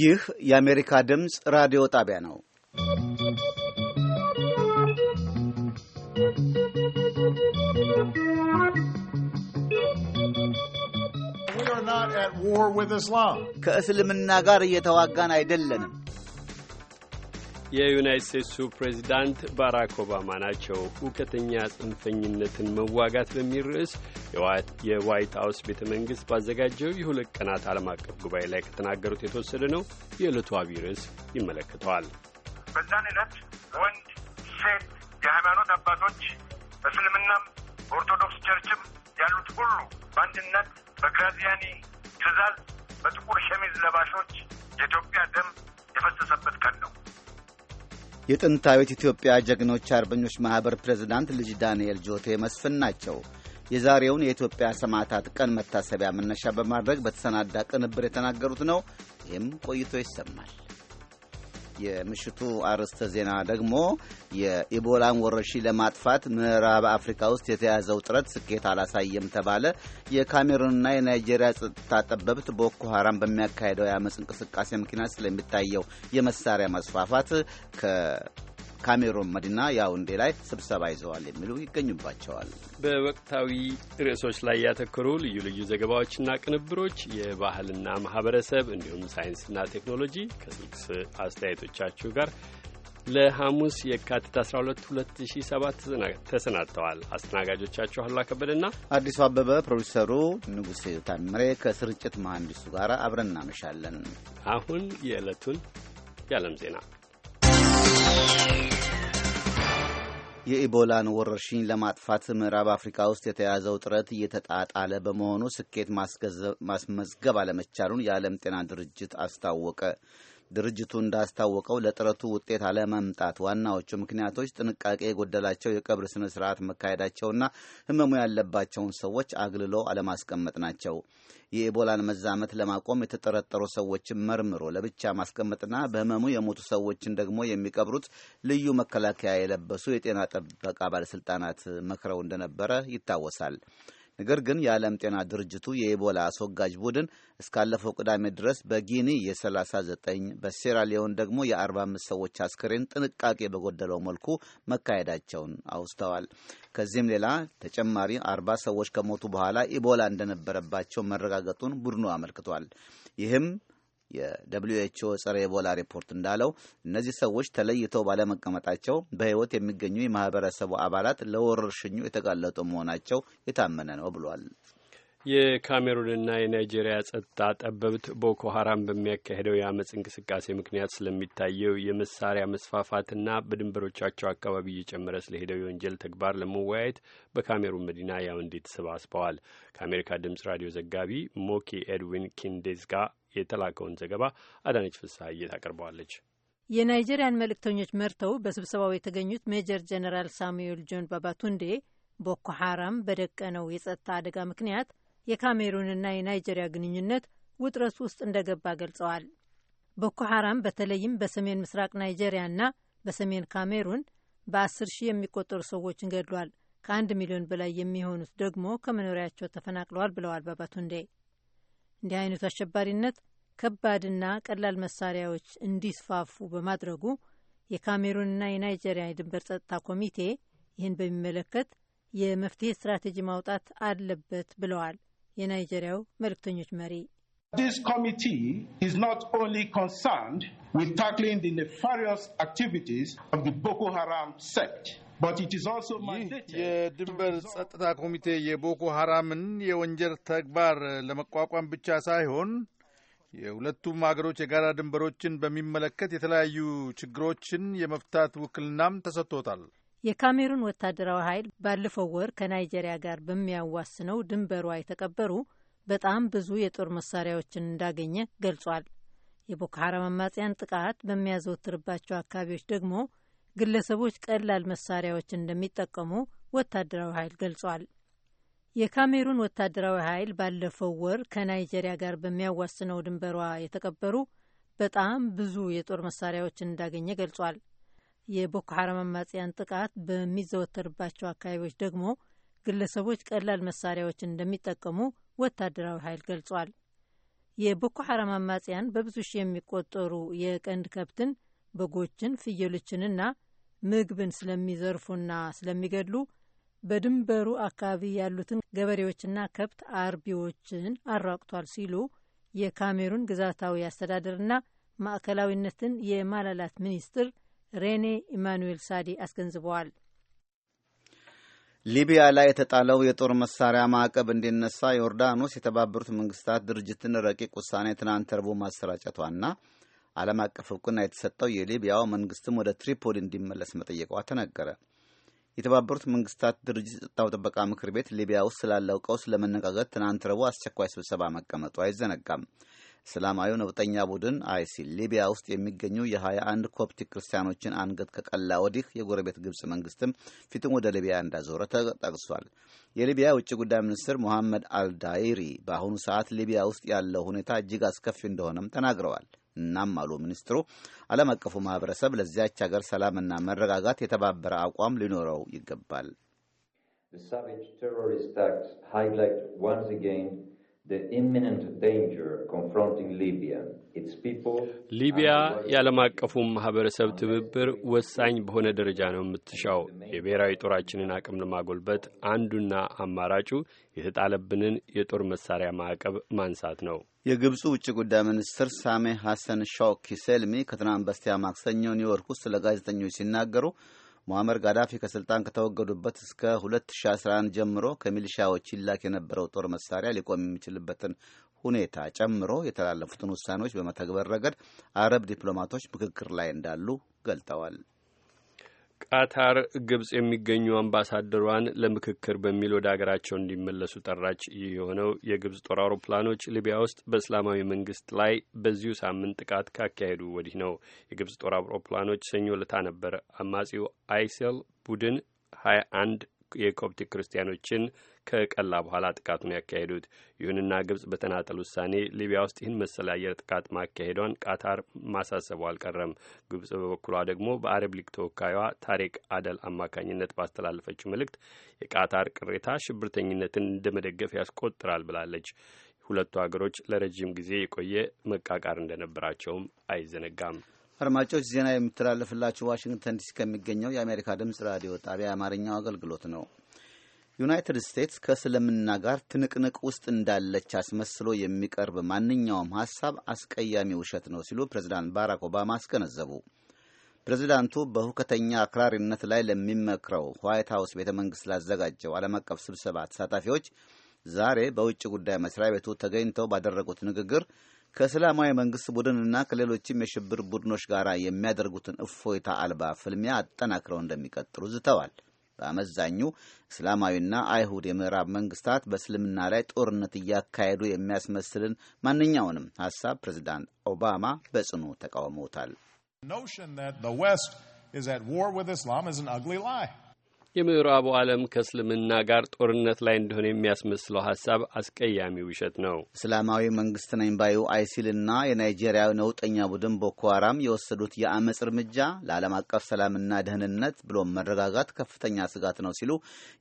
ይህ የአሜሪካ ድምፅ ራዲዮ ጣቢያ ነው። ከእስልምና ጋር እየተዋጋን አይደለንም። የዩናይት ስቴትሱ ፕሬዚዳንት ባራክ ኦባማ ናቸው። ሁከተኛ ጽንፈኝነትን መዋጋት በሚል ርዕስ የዋይት ሀውስ ቤተ መንግሥት ባዘጋጀው የሁለት ቀናት ዓለም አቀፍ ጉባኤ ላይ ከተናገሩት የተወሰደ ነው። የዕለቱ አቢ ርዕስ ይመለከተዋል። በዛን ዕለት ወንድ፣ ሴት፣ የሃይማኖት አባቶች በእስልምናም በኦርቶዶክስ ቸርችም ያሉት ሁሉ በአንድነት በግራዚያኒ ትእዛዝ በጥቁር ሸሚዝ ለባሾች የኢትዮጵያ ደም የፈሰሰበት ቀን ነው። የጥንታዊት ኢትዮጵያ ጀግኖች አርበኞች ማኅበር ፕሬዝዳንት ልጅ ዳንኤል ጆቴ መስፍን ናቸው። የዛሬውን የኢትዮጵያ ሰማዕታት ቀን መታሰቢያ መነሻ በማድረግ በተሰናዳ ቅንብር የተናገሩት ነው። ይህም ቆይቶ ይሰማል። የምሽቱ አርዕስተ ዜና ደግሞ የኢቦላን ወረርሽኝ ለማጥፋት ምዕራብ አፍሪካ ውስጥ የተያዘው ጥረት ስኬት አላሳየም ተባለ፣ የካሜሩንና የናይጄሪያ ጸጥታ ጠበብት ቦኮ ሀራም በሚያካሄደው የአመፅ እንቅስቃሴ ምክንያት ስለሚታየው የመሳሪያ መስፋፋት ካሜሮን መዲና ያውንዴ ላይ ስብሰባ ይዘዋል የሚሉ ይገኙባቸዋል። በወቅታዊ ርዕሶች ላይ ያተኮሩ ልዩ ልዩ ዘገባዎችና ቅንብሮች፣ የባህልና ማህበረሰብ እንዲሁም ሳይንስና ቴክኖሎጂ ከስልክ አስተያየቶቻችሁ ጋር ለሐሙስ የካቲት 12 2007 ተሰናድተዋል። አስተናጋጆቻችሁ አሉላ ከበደና አዲሱ አበበ፣ ፕሮዲሰሩ ንጉሴ ታምሬ ከስርጭት መሐንዲሱ ጋር አብረን እናመሻለን። አሁን የዕለቱን የዓለም ዜና የኢቦላን ወረርሽኝ ለማጥፋት ምዕራብ አፍሪካ ውስጥ የተያዘው ጥረት እየተጣጣለ በመሆኑ ስኬት ማስመዝገብ አለመቻሉን የዓለም ጤና ድርጅት አስታወቀ። ድርጅቱ እንዳስታወቀው ለጥረቱ ውጤት አለመምጣት ዋናዎቹ ምክንያቶች ጥንቃቄ የጎደላቸው የቀብር ስነ ስርዓት መካሄዳቸውና ህመሙ ያለባቸውን ሰዎች አግልሎ አለማስቀመጥ ናቸው። የኢቦላን መዛመት ለማቆም የተጠረጠሩ ሰዎችን መርምሮ ለብቻ ማስቀመጥና በህመሙ የሞቱ ሰዎችን ደግሞ የሚቀብሩት ልዩ መከላከያ የለበሱ የጤና ጥበቃ ባለስልጣናት መክረው እንደነበረ ይታወሳል። ነገር ግን የዓለም ጤና ድርጅቱ የኢቦላ አስወጋጅ ቡድን እስካለፈው ቅዳሜ ድረስ በጊኒ የ39 በሴራሊዮን ደግሞ የ45 ሰዎች አስክሬን ጥንቃቄ በጎደለው መልኩ መካሄዳቸውን አውስተዋል። ከዚህም ሌላ ተጨማሪ 40 ሰዎች ከሞቱ በኋላ ኢቦላ እንደነበረባቸው መረጋገጡን ቡድኑ አመልክቷል። ይህም የደብሊዩ ኤችኦ ጸረ ኤቦላ ሪፖርት እንዳለው እነዚህ ሰዎች ተለይተው ባለመቀመጣቸው በሕይወት የሚገኙ የማህበረሰቡ አባላት ለወረርሽኙ የተጋለጡ መሆናቸው የታመነ ነው ብሏል። የካሜሩንና የናይጄሪያ ጸጥታ ጠበብት ቦኮ ሀራም በሚያካሄደው የአመፅ እንቅስቃሴ ምክንያት ስለሚታየው የመሳሪያ መስፋፋትና በድንበሮቻቸው አካባቢ እየጨመረ ስለሄደው የወንጀል ተግባር ለመወያየት በካሜሩን መዲና ያውንዴ ተሰባስበዋል። ከአሜሪካ ድምጽ ራዲዮ ዘጋቢ ሞኪ ኤድዊን ኪንዴዝ ጋር የተላከውን ዘገባ አዳነች ፍስሐዬ አቅርበዋለች። የናይጄሪያን መልእክተኞች መርተው በስብሰባው የተገኙት ሜጀር ጀነራል ሳሙኤል ጆን ባባቱንዴ ቦኮ ሀራም በደቀነው የጸጥታ አደጋ ምክንያት የካሜሩንና የናይጀሪያ ግንኙነት ውጥረት ውስጥ እንደገባ ገልጸዋል። ቦኮ ሐራም በተለይም በሰሜን ምስራቅ ናይጀሪያና በሰሜን ካሜሩን በአስር ሺህ የሚቆጠሩ ሰዎችን ገድሏል። ከአንድ ሚሊዮን በላይ የሚሆኑት ደግሞ ከመኖሪያቸው ተፈናቅለዋል ብለዋል ባባቱንዴ። እንዲህ አይነቱ አሸባሪነት ከባድና ቀላል መሳሪያዎች እንዲስፋፉ በማድረጉ የካሜሩንና የናይጀሪያ የድንበር ጸጥታ ኮሚቴ ይህን በሚመለከት የመፍትሄ ስትራቴጂ ማውጣት አለበት ብለዋል። የናይጄሪያው መልእክተኞች መሪ This committee is not only concerned with tackling the nefarious activities of the Boko Haram sect. ይህ የድንበር ጸጥታ ኮሚቴ የቦኮ ሐራምን የወንጀል ተግባር ለመቋቋም ብቻ ሳይሆን የሁለቱም አገሮች የጋራ ድንበሮችን በሚመለከት የተለያዩ ችግሮችን የመፍታት ውክልናም ተሰጥቶታል። የካሜሩን ወታደራዊ ኃይል ባለፈው ወር ከናይጄሪያ ጋር በሚያዋስነው ድንበሯ የተቀበሩ በጣም ብዙ የጦር መሳሪያዎችን እንዳገኘ ገልጿል። የቦኮ ሐራም አማጽያን ጥቃት በሚያዘወትርባቸው አካባቢዎች ደግሞ ግለሰቦች ቀላል መሳሪያዎችን እንደሚጠቀሙ ወታደራዊ ኃይል ገልጿል። የካሜሩን ወታደራዊ ኃይል ባለፈው ወር ከናይጄሪያ ጋር በሚያዋስነው ድንበሯ የተቀበሩ በጣም ብዙ የጦር መሳሪያዎችን እንዳገኘ ገልጿል። የቦኮ ሀራም አማጽያን ጥቃት በሚዘወተርባቸው አካባቢዎች ደግሞ ግለሰቦች ቀላል መሳሪያዎችን እንደሚጠቀሙ ወታደራዊ ኃይል ገልጿል። የቦኮ ሀራም አማጽያን በብዙ ሺህ የሚቆጠሩ የቀንድ ከብትን፣ በጎችን፣ ፍየሎችንና ምግብን ስለሚዘርፉና ስለሚገድሉ በድንበሩ አካባቢ ያሉትን ገበሬዎችና ከብት አርቢዎችን አሯቅቷል ሲሉ የካሜሩን ግዛታዊ አስተዳደርና ማዕከላዊነትን የማላላት ሚኒስትር ሬኔ ኢማኑኤል ሳዲ አስገንዝበዋል። ሊቢያ ላይ የተጣለው የጦር መሳሪያ ማዕቀብ እንዲነሳ ዮርዳኖስ የተባበሩት መንግስታት ድርጅትን ረቂቅ ውሳኔ ትናንት ረቡዕ ማሰራጨቷና ዓለም አቀፍ እውቅና የተሰጠው የሊቢያው መንግስትም ወደ ትሪፖሊ እንዲመለስ መጠየቋ ተነገረ። የተባበሩት መንግስታት ድርጅት ጸጥታው ጥበቃ ምክር ቤት ሊቢያ ውስጥ ስላለው ቀውስ ለመነጋገር ትናንት ረቡዕ አስቸኳይ ስብሰባ መቀመጡ አይዘነጋም። እስላማዊ ነውጠኛ ቡድን አይሲል ሊቢያ ውስጥ የሚገኙ የ21 ኮፕቲክ ክርስቲያኖችን አንገት ከቀላ ወዲህ የጎረቤት ግብፅ መንግስትም ፊትም ወደ ሊቢያ እንዳዞረ ተጠቅሷል። የሊቢያ ውጭ ጉዳይ ሚኒስትር ሞሐመድ አልዳይሪ በአሁኑ ሰዓት ሊቢያ ውስጥ ያለው ሁኔታ እጅግ አስከፊ እንደሆነም ተናግረዋል። እናም አሉ ሚኒስትሩ፣ ዓለም አቀፉ ማህበረሰብ ለዚያች ሀገር ሰላምና መረጋጋት የተባበረ አቋም ሊኖረው ይገባል። ሊቢያ የዓለም አቀፉ ማህበረሰብ ትብብር ወሳኝ በሆነ ደረጃ ነው የምትሻው። የብሔራዊ ጦራችንን አቅም ለማጎልበት አንዱና አማራጩ የተጣለብንን የጦር መሳሪያ ማዕቀብ ማንሳት ነው። የግብፁ ውጭ ጉዳይ ሚኒስትር ሳሜ ሐሰን ሾኪ ሰልሚ ከትናንት በስቲያ ማክሰኞ ኒውዮርክ ውስጥ ለጋዜጠኞች ሲናገሩ ሙአመር ጋዳፊ ከስልጣን ከተወገዱበት እስከ 2011 ጀምሮ ከሚሊሻዎች ይላክ የነበረው ጦር መሳሪያ ሊቆም የሚችልበትን ሁኔታ ጨምሮ የተላለፉትን ውሳኔዎች በመተግበር ረገድ አረብ ዲፕሎማቶች ምክክር ላይ እንዳሉ ገልጠዋል። ቃታር ግብጽ የሚገኙ አምባሳደሯን ለምክክር በሚል ወደ አገራቸው እንዲመለሱ ጠራች። ይህ የሆነው የግብጽ ጦር አውሮፕላኖች ሊቢያ ውስጥ በእስላማዊ መንግስት ላይ በዚሁ ሳምንት ጥቃት ካካሄዱ ወዲህ ነው። የግብጽ ጦር አውሮፕላኖች ሰኞ ዕለት ነበር አማጺው አይሴል ቡድን ሀያ አንድ የኮፕቲክ ክርስቲያኖችን ከቀላ በኋላ ጥቃቱን ያካሄዱት። ይሁንና ግብጽ በተናጠል ውሳኔ ሊቢያ ውስጥ ይህን መሰል አየር ጥቃት ማካሄዷን ቃታር ማሳሰቡ አልቀረም። ግብጽ በበኩሏ ደግሞ በአረብ ሊግ ተወካዩዋ ታሪክ አደል አማካኝነት ባስተላለፈችው መልእክት የቃታር ቅሬታ ሽብርተኝነትን እንደመደገፍ ያስቆጥራል ብላለች። ሁለቱ ሀገሮች ለረጅም ጊዜ የቆየ መቃቃር እንደነበራቸውም አይዘነጋም። አድማጮች ዜና የሚተላለፍላችሁ ዋሽንግተን ዲሲ ከሚገኘው የአሜሪካ ድምጽ ራዲዮ ጣቢያ የአማርኛው አገልግሎት ነው። ዩናይትድ ስቴትስ ከእስልምና ጋር ትንቅንቅ ውስጥ እንዳለች አስመስሎ የሚቀርብ ማንኛውም ሀሳብ አስቀያሚ ውሸት ነው ሲሉ ፕሬዚዳንት ባራክ ኦባማ አስገነዘቡ። ፕሬዚዳንቱ በሁከተኛ አክራሪነት ላይ ለሚመክረው ዋይት ሀውስ ቤተ መንግሥት ላዘጋጀው ዓለም አቀፍ ስብሰባ ተሳታፊዎች ዛሬ በውጭ ጉዳይ መስሪያ ቤቱ ተገኝተው ባደረጉት ንግግር ከእስላማዊ መንግሥት ቡድንና ከሌሎችም የሽብር ቡድኖች ጋር የሚያደርጉትን እፎይታ አልባ ፍልሚያ አጠናክረው እንደሚቀጥሉ ዝተዋል። በአመዛኙ እስላማዊና አይሁድ የምዕራብ መንግስታት በእስልምና ላይ ጦርነት እያካሄዱ የሚያስመስልን ማንኛውንም ሀሳብ ፕሬዚዳንት ኦባማ በጽኑ ተቃውመውታል። የምዕራቡ ዓለም ከእስልምና ጋር ጦርነት ላይ እንደሆነ የሚያስመስለው ሀሳብ አስቀያሚ ውሸት ነው። እስላማዊ መንግስት ነኝ ባዩ አይሲልና የናይጄሪያ ነውጠኛ ቡድን ቦኮ ሀራም የወሰዱት የአመፅ እርምጃ ለዓለም አቀፍ ሰላምና ደህንነት ብሎም መረጋጋት ከፍተኛ ስጋት ነው ሲሉ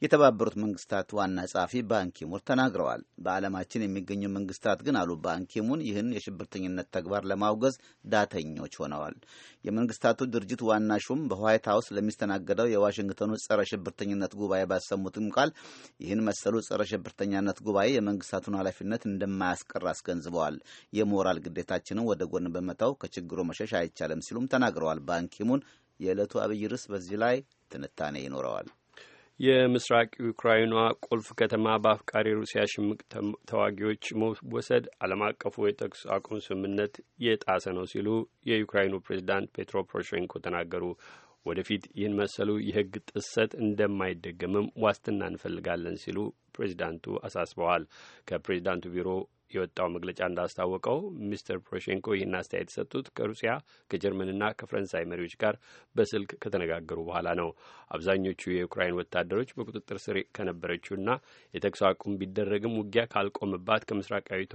የተባበሩት መንግስታት ዋና ጸሐፊ ባንኪሙን ተናግረዋል። በዓለማችን የሚገኙ መንግስታት ግን አሉ ባንኪሙን ይህን የሽብርተኝነት ተግባር ለማውገዝ ዳተኞች ሆነዋል። የመንግስታቱ ድርጅት ዋና ሹም በዋይት ሀውስ ለሚስተናገደው የዋሽንግተኑ ጸረ ሽብርተኝነት ጉባኤ ባሰሙትም ቃል ይህን መሰሉ ጸረ ሽብርተኛነት ጉባኤ የመንግስታቱን ኃላፊነት እንደማያስቀር አስገንዝበዋል። የሞራል ግዴታችንን ወደ ጎን በመተው ከችግሩ መሸሽ አይቻልም ሲሉም ተናግረዋል። ባንኪሙን የዕለቱ አብይ ርዕስ በዚህ ላይ ትንታኔ ይኖረዋል። የምስራቅ ዩክራይኗ ቁልፍ ከተማ በአፍቃሪ ሩሲያ ሽምቅ ተዋጊዎች መወሰድ ዓለም አቀፉ የተኩስ አቁም ስምምነት የጣሰ ነው ሲሉ የዩክራይኑ ፕሬዚዳንት ፔትሮ ፖሮሼንኮ ተናገሩ። ወደፊት ይህን መሰሉ የህግ ጥሰት እንደማይደገምም ዋስትና እንፈልጋለን ሲሉ ፕሬዚዳንቱ አሳስበዋል። ከፕሬዚዳንቱ ቢሮ የወጣው መግለጫ እንዳስታወቀው ሚስተር ፖሮሼንኮ ይህን አስተያየት የሰጡት ከሩሲያ ከጀርመንና ከፈረንሳይ መሪዎች ጋር በስልክ ከተነጋገሩ በኋላ ነው። አብዛኞቹ የዩክራይን ወታደሮች በቁጥጥር ስር ከነበረችውና የተኩስ አቁም ቢደረግም ውጊያ ካልቆመባት ከምስራቃዊቷ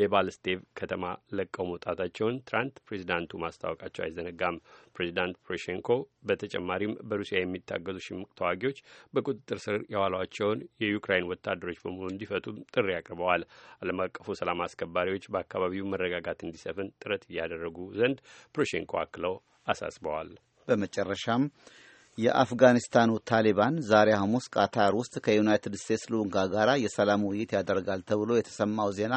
ዴባልስቴቭ ከተማ ለቀው መውጣታቸውን ትናንት ፕሬዚዳንቱ ማስታወቃቸው አይዘነጋም። ፕሬዚዳንት ፖሮሼንኮ በተጨማሪም በሩሲያ የሚታገዙ ሽምቅ ተዋጊዎች በቁጥጥር ስር የዋሏቸውን የዩክራይን ወታደሮች በሙሉ እንዲፈቱ ጥሪ አቅርበዋል። ዓለም አቀፉ ሰላም አስከባሪዎች በአካባቢው መረጋጋት እንዲሰፍን ጥረት እያደረጉ ዘንድ ፖሮሼንኮ አክለው አሳስበዋል። በመጨረሻም የአፍጋኒስታኑ ታሊባን ዛሬ ሐሙስ ቃታር ውስጥ ከዩናይትድ ስቴትስ ልዑካ ጋር የሰላም ውይይት ያደርጋል ተብሎ የተሰማው ዜና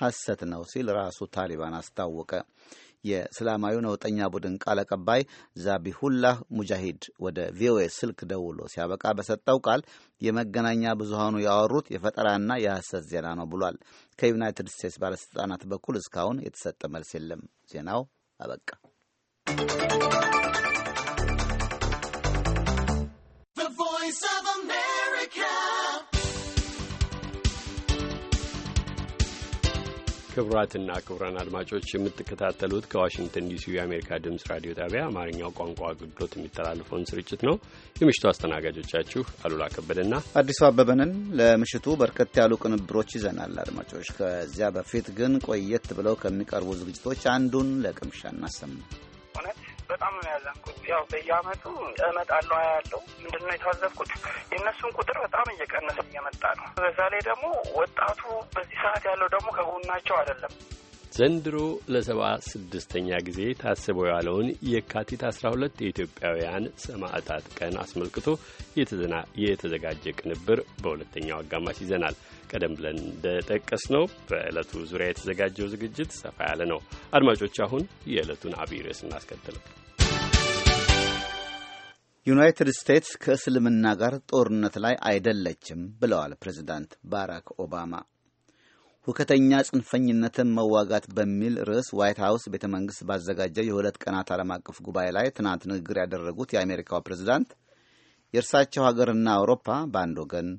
ሐሰት ነው ሲል ራሱ ታሊባን አስታወቀ። የእስላማዊ ነውጠኛ ቡድን ቃል አቀባይ ዛቢሁላህ ሙጃሂድ ወደ ቪኦኤ ስልክ ደውሎ ሲያበቃ በሰጠው ቃል የመገናኛ ብዙሃኑ ያወሩት የፈጠራና የሐሰት ዜና ነው ብሏል። ከዩናይትድ ስቴትስ ባለሥልጣናት በኩል እስካሁን የተሰጠ መልስ የለም። ዜናው አበቃ። ክቡራትና ክቡራን አድማጮች የምትከታተሉት ከዋሽንግተን ዲሲ የአሜሪካ ድምፅ ራዲዮ ጣቢያ አማርኛው ቋንቋ አገልግሎት የሚተላለፈውን ስርጭት ነው። የምሽቱ አስተናጋጆቻችሁ አሉላ ከበደና አዲሱ አበበንን ለምሽቱ በርከት ያሉ ቅንብሮች ይዘናል። አድማጮች ከዚያ በፊት ግን ቆየት ብለው ከሚቀርቡ ዝግጅቶች አንዱን ለቅምሻ እናሰማ። በጣም ነው ያዘንኩት። ያው በየአመቱ እመጣለሁ ያለው ምንድን ነው የታዘብኩት የእነሱን ቁጥር በጣም እየቀነሰ እየመጣ ነው። በዛ ላይ ደግሞ ወጣቱ በዚህ ሰዓት ያለው ደግሞ ከጎናቸው አይደለም። ዘንድሮ ለሰባ ስድስተኛ ጊዜ ታስበው ያለውን የካቲት 12 የኢትዮጵያውያን ሰማዕታት ቀን አስመልክቶ የተዘጋጀ ቅንብር በሁለተኛው አጋማሽ ይዘናል። ቀደም ብለን እንደጠቀስ ነው በዕለቱ ዙሪያ የተዘጋጀው ዝግጅት ሰፋ ያለ ነው። አድማጮች፣ አሁን የዕለቱን አብይ ርዕስ ዩናይትድ ስቴትስ ከእስልምና ጋር ጦርነት ላይ አይደለችም ብለዋል ፕሬዚዳንት ባራክ ኦባማ። ሁከተኛ ጽንፈኝነትን መዋጋት በሚል ርዕስ ዋይት ሀውስ ቤተ መንግሥት ባዘጋጀው የሁለት ቀናት ዓለም አቀፍ ጉባኤ ላይ ትናንት ንግግር ያደረጉት የአሜሪካው ፕሬዚዳንት የእርሳቸው ሀገርና አውሮፓ በአንድ ወገን፣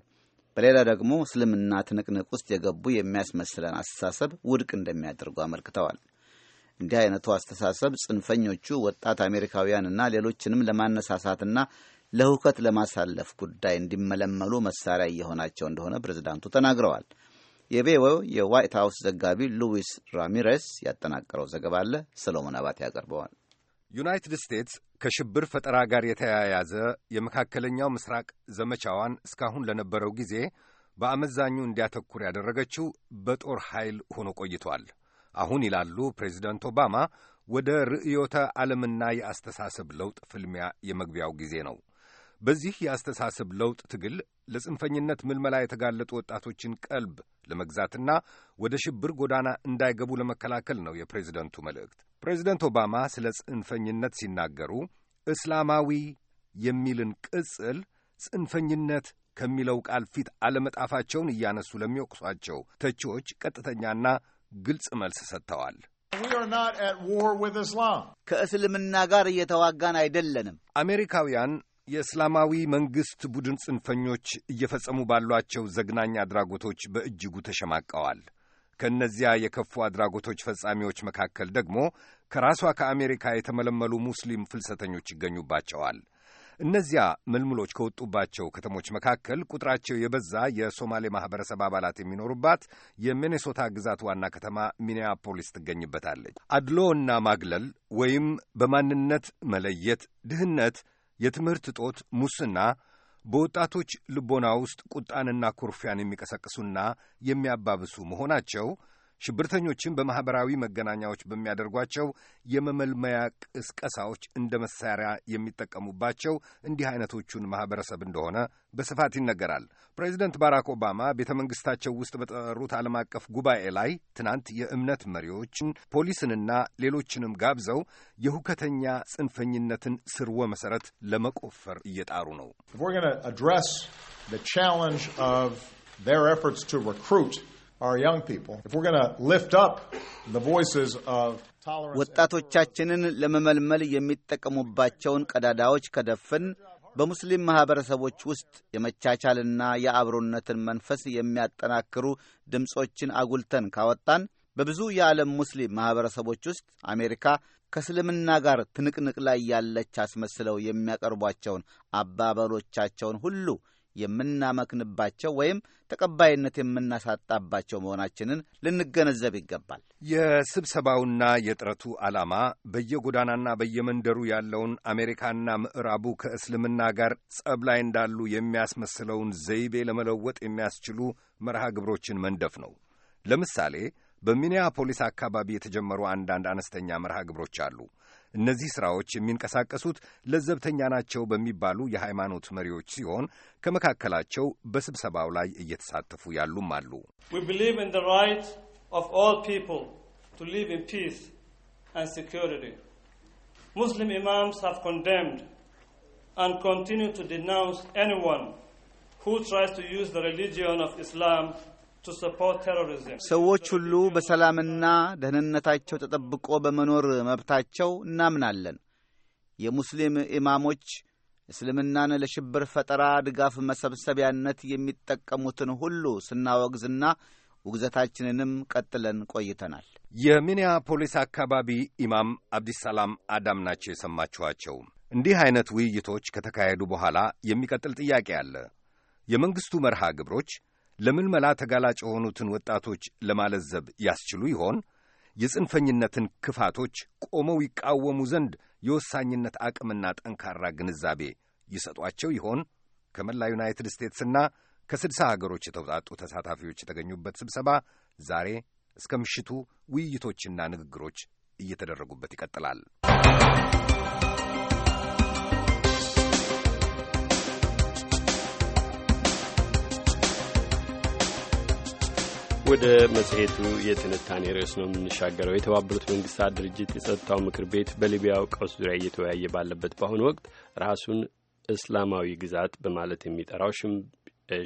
በሌላ ደግሞ እስልምና ትንቅንቅ ውስጥ የገቡ የሚያስመስለን አስተሳሰብ ውድቅ እንደሚያደርጉ አመልክተዋል። እንዲህ አይነቱ አስተሳሰብ ጽንፈኞቹ ወጣት አሜሪካውያንና ሌሎችንም ለማነሳሳትና ለሁከት ለማሳለፍ ጉዳይ እንዲመለመሉ መሳሪያ እየሆናቸው እንደሆነ ፕሬዚዳንቱ ተናግረዋል። የቪኦኤው የዋይት ሀውስ ዘጋቢ ሉዊስ ራሚሬስ ያጠናቀረው ዘገባ አለ። ሰሎሞን አባቴ ያቀርበዋል። ዩናይትድ ስቴትስ ከሽብር ፈጠራ ጋር የተያያዘ የመካከለኛው ምስራቅ ዘመቻዋን እስካሁን ለነበረው ጊዜ በአመዛኙ እንዲያተኩር ያደረገችው በጦር ኃይል ሆኖ ቆይቷል። አሁን ይላሉ ፕሬዚደንት ኦባማ ወደ ርዕዮተ ዓለምና የአስተሳሰብ ለውጥ ፍልሚያ የመግቢያው ጊዜ ነው። በዚህ የአስተሳሰብ ለውጥ ትግል ለጽንፈኝነት ምልመላ የተጋለጡ ወጣቶችን ቀልብ ለመግዛትና ወደ ሽብር ጎዳና እንዳይገቡ ለመከላከል ነው የፕሬዚደንቱ መልእክት። ፕሬዚደንት ኦባማ ስለ ጽንፈኝነት ሲናገሩ እስላማዊ የሚልን ቅጽል ጽንፈኝነት ከሚለው ቃል ፊት አለመጣፋቸውን እያነሱ ለሚወቅሷቸው ተቺዎች ቀጥተኛና ግልጽ መልስ ሰጥተዋል። ከእስልምና ጋር እየተዋጋን አይደለንም። አሜሪካውያን የእስላማዊ መንግሥት ቡድን ጽንፈኞች እየፈጸሙ ባሏቸው ዘግናኝ አድራጎቶች በእጅጉ ተሸማቀዋል። ከእነዚያ የከፉ አድራጎቶች ፈጻሚዎች መካከል ደግሞ ከራሷ ከአሜሪካ የተመለመሉ ሙስሊም ፍልሰተኞች ይገኙባቸዋል። እነዚያ ምልምሎች ከወጡባቸው ከተሞች መካከል ቁጥራቸው የበዛ የሶማሌ ማህበረሰብ አባላት የሚኖሩባት የሚኔሶታ ግዛት ዋና ከተማ ሚኒያፖሊስ ትገኝበታለች። አድሎና ማግለል ወይም በማንነት መለየት፣ ድህነት፣ የትምህርት እጦት፣ ሙስና በወጣቶች ልቦና ውስጥ ቁጣንና ኩርፊያን የሚቀሰቅሱና የሚያባብሱ መሆናቸው ሽብርተኞችን በማኅበራዊ መገናኛዎች በሚያደርጓቸው የመመልመያ ቅስቀሳዎች እንደ መሳሪያ የሚጠቀሙባቸው እንዲህ አይነቶቹን ማኅበረሰብ እንደሆነ በስፋት ይነገራል። ፕሬዚደንት ባራክ ኦባማ ቤተ መንግሥታቸው ውስጥ በጠሩት ዓለም አቀፍ ጉባኤ ላይ ትናንት የእምነት መሪዎችን፣ ፖሊስንና ሌሎችንም ጋብዘው የሁከተኛ ጽንፈኝነትን ስርወ መሠረት ለመቆፈር እየጣሩ ነው። the challenge of their efforts to recruit our young people. If we're going to lift up the voices of ወጣቶቻችንን ለመመልመል የሚጠቀሙባቸውን ቀዳዳዎች ከደፍን በሙስሊም ማኅበረሰቦች ውስጥ የመቻቻልና የአብሮነትን መንፈስ የሚያጠናክሩ ድምፆችን አጉልተን ካወጣን በብዙ የዓለም ሙስሊም ማኅበረሰቦች ውስጥ አሜሪካ ከእስልምና ጋር ትንቅንቅ ላይ ያለች አስመስለው የሚያቀርቧቸውን አባባሎቻቸውን ሁሉ የምናመክንባቸው ወይም ተቀባይነት የምናሳጣባቸው መሆናችንን ልንገነዘብ ይገባል። የስብሰባውና የጥረቱ ዓላማ በየጎዳናና በየመንደሩ ያለውን አሜሪካና ምዕራቡ ከእስልምና ጋር ጸብ ላይ እንዳሉ የሚያስመስለውን ዘይቤ ለመለወጥ የሚያስችሉ መርሃ ግብሮችን መንደፍ ነው። ለምሳሌ በሚኒያፖሊስ አካባቢ የተጀመሩ አንዳንድ አነስተኛ መርሃ ግብሮች አሉ። እነዚህ ሥራዎች የሚንቀሳቀሱት ለዘብተኛ ናቸው በሚባሉ የሃይማኖት መሪዎች ሲሆን ከመካከላቸው በስብሰባው ላይ እየተሳተፉ ያሉም አሉ። ሙስሊም ኢማምስ ሃቭ ኮንደምድ and continue ቱ denounce ኤኒዋን ሁ ትራይስ to use the religion of Islam ሰዎች ሁሉ በሰላምና ደህንነታቸው ተጠብቆ በመኖር መብታቸው እናምናለን። የሙስሊም ኢማሞች እስልምናን ለሽብር ፈጠራ ድጋፍ መሰብሰቢያነት የሚጠቀሙትን ሁሉ ስናወግዝና ውግዘታችንንም ቀጥለን ቆይተናል። የሚኒያፖሊስ አካባቢ ኢማም አብዲሰላም አዳም ናቸው የሰማችኋቸው። እንዲህ ዐይነት ውይይቶች ከተካሄዱ በኋላ የሚቀጥል ጥያቄ አለ። የመንግሥቱ መርሃ ግብሮች ለምልመላ ተጋላጭ የሆኑትን ወጣቶች ለማለዘብ ያስችሉ ይሆን? የጽንፈኝነትን ክፋቶች ቆመው ይቃወሙ ዘንድ የወሳኝነት አቅምና ጠንካራ ግንዛቤ ይሰጧቸው ይሆን? ከመላ ዩናይትድ ስቴትስና ከስድሳ ሀገሮች የተውጣጡ ተሳታፊዎች የተገኙበት ስብሰባ ዛሬ እስከ ምሽቱ ውይይቶችና ንግግሮች እየተደረጉበት ይቀጥላል። ወደ መጽሔቱ የትንታኔ ርዕስ ነው የምንሻገረው። የተባበሩት መንግስታት ድርጅት የጸጥታው ምክር ቤት በሊቢያው ቀውስ ዙሪያ እየተወያየ ባለበት በአሁኑ ወቅት ራሱን እስላማዊ ግዛት በማለት የሚጠራው ሽም።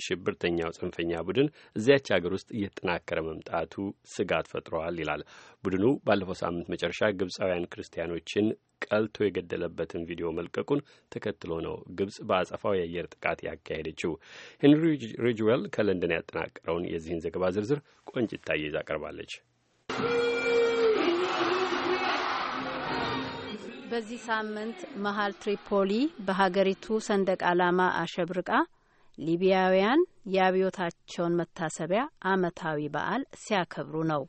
ሽብርተኛው ጽንፈኛ ቡድን እዚያች ሀገር ውስጥ እየተጠናከረ መምጣቱ ስጋት ፈጥረዋል ይላል። ቡድኑ ባለፈው ሳምንት መጨረሻ ግብፃውያን ክርስቲያኖችን ቀልቶ የገደለበትን ቪዲዮ መልቀቁን ተከትሎ ነው ግብጽ በአጸፋው የአየር ጥቃት ያካሄደችው። ሄንሪ ሪጅዌል ከለንደን ያጠናቀረውን የዚህን ዘገባ ዝርዝር ቆንጭታ ይዛ ቀርባለች። በዚህ ሳምንት መሀል ትሪፖሊ በሀገሪቱ ሰንደቅ ዓላማ አሸብርቃ ሊቢያውያን የአብዮታቸውን መታሰቢያ አመታዊ በዓል ሲያከብሩ ነው።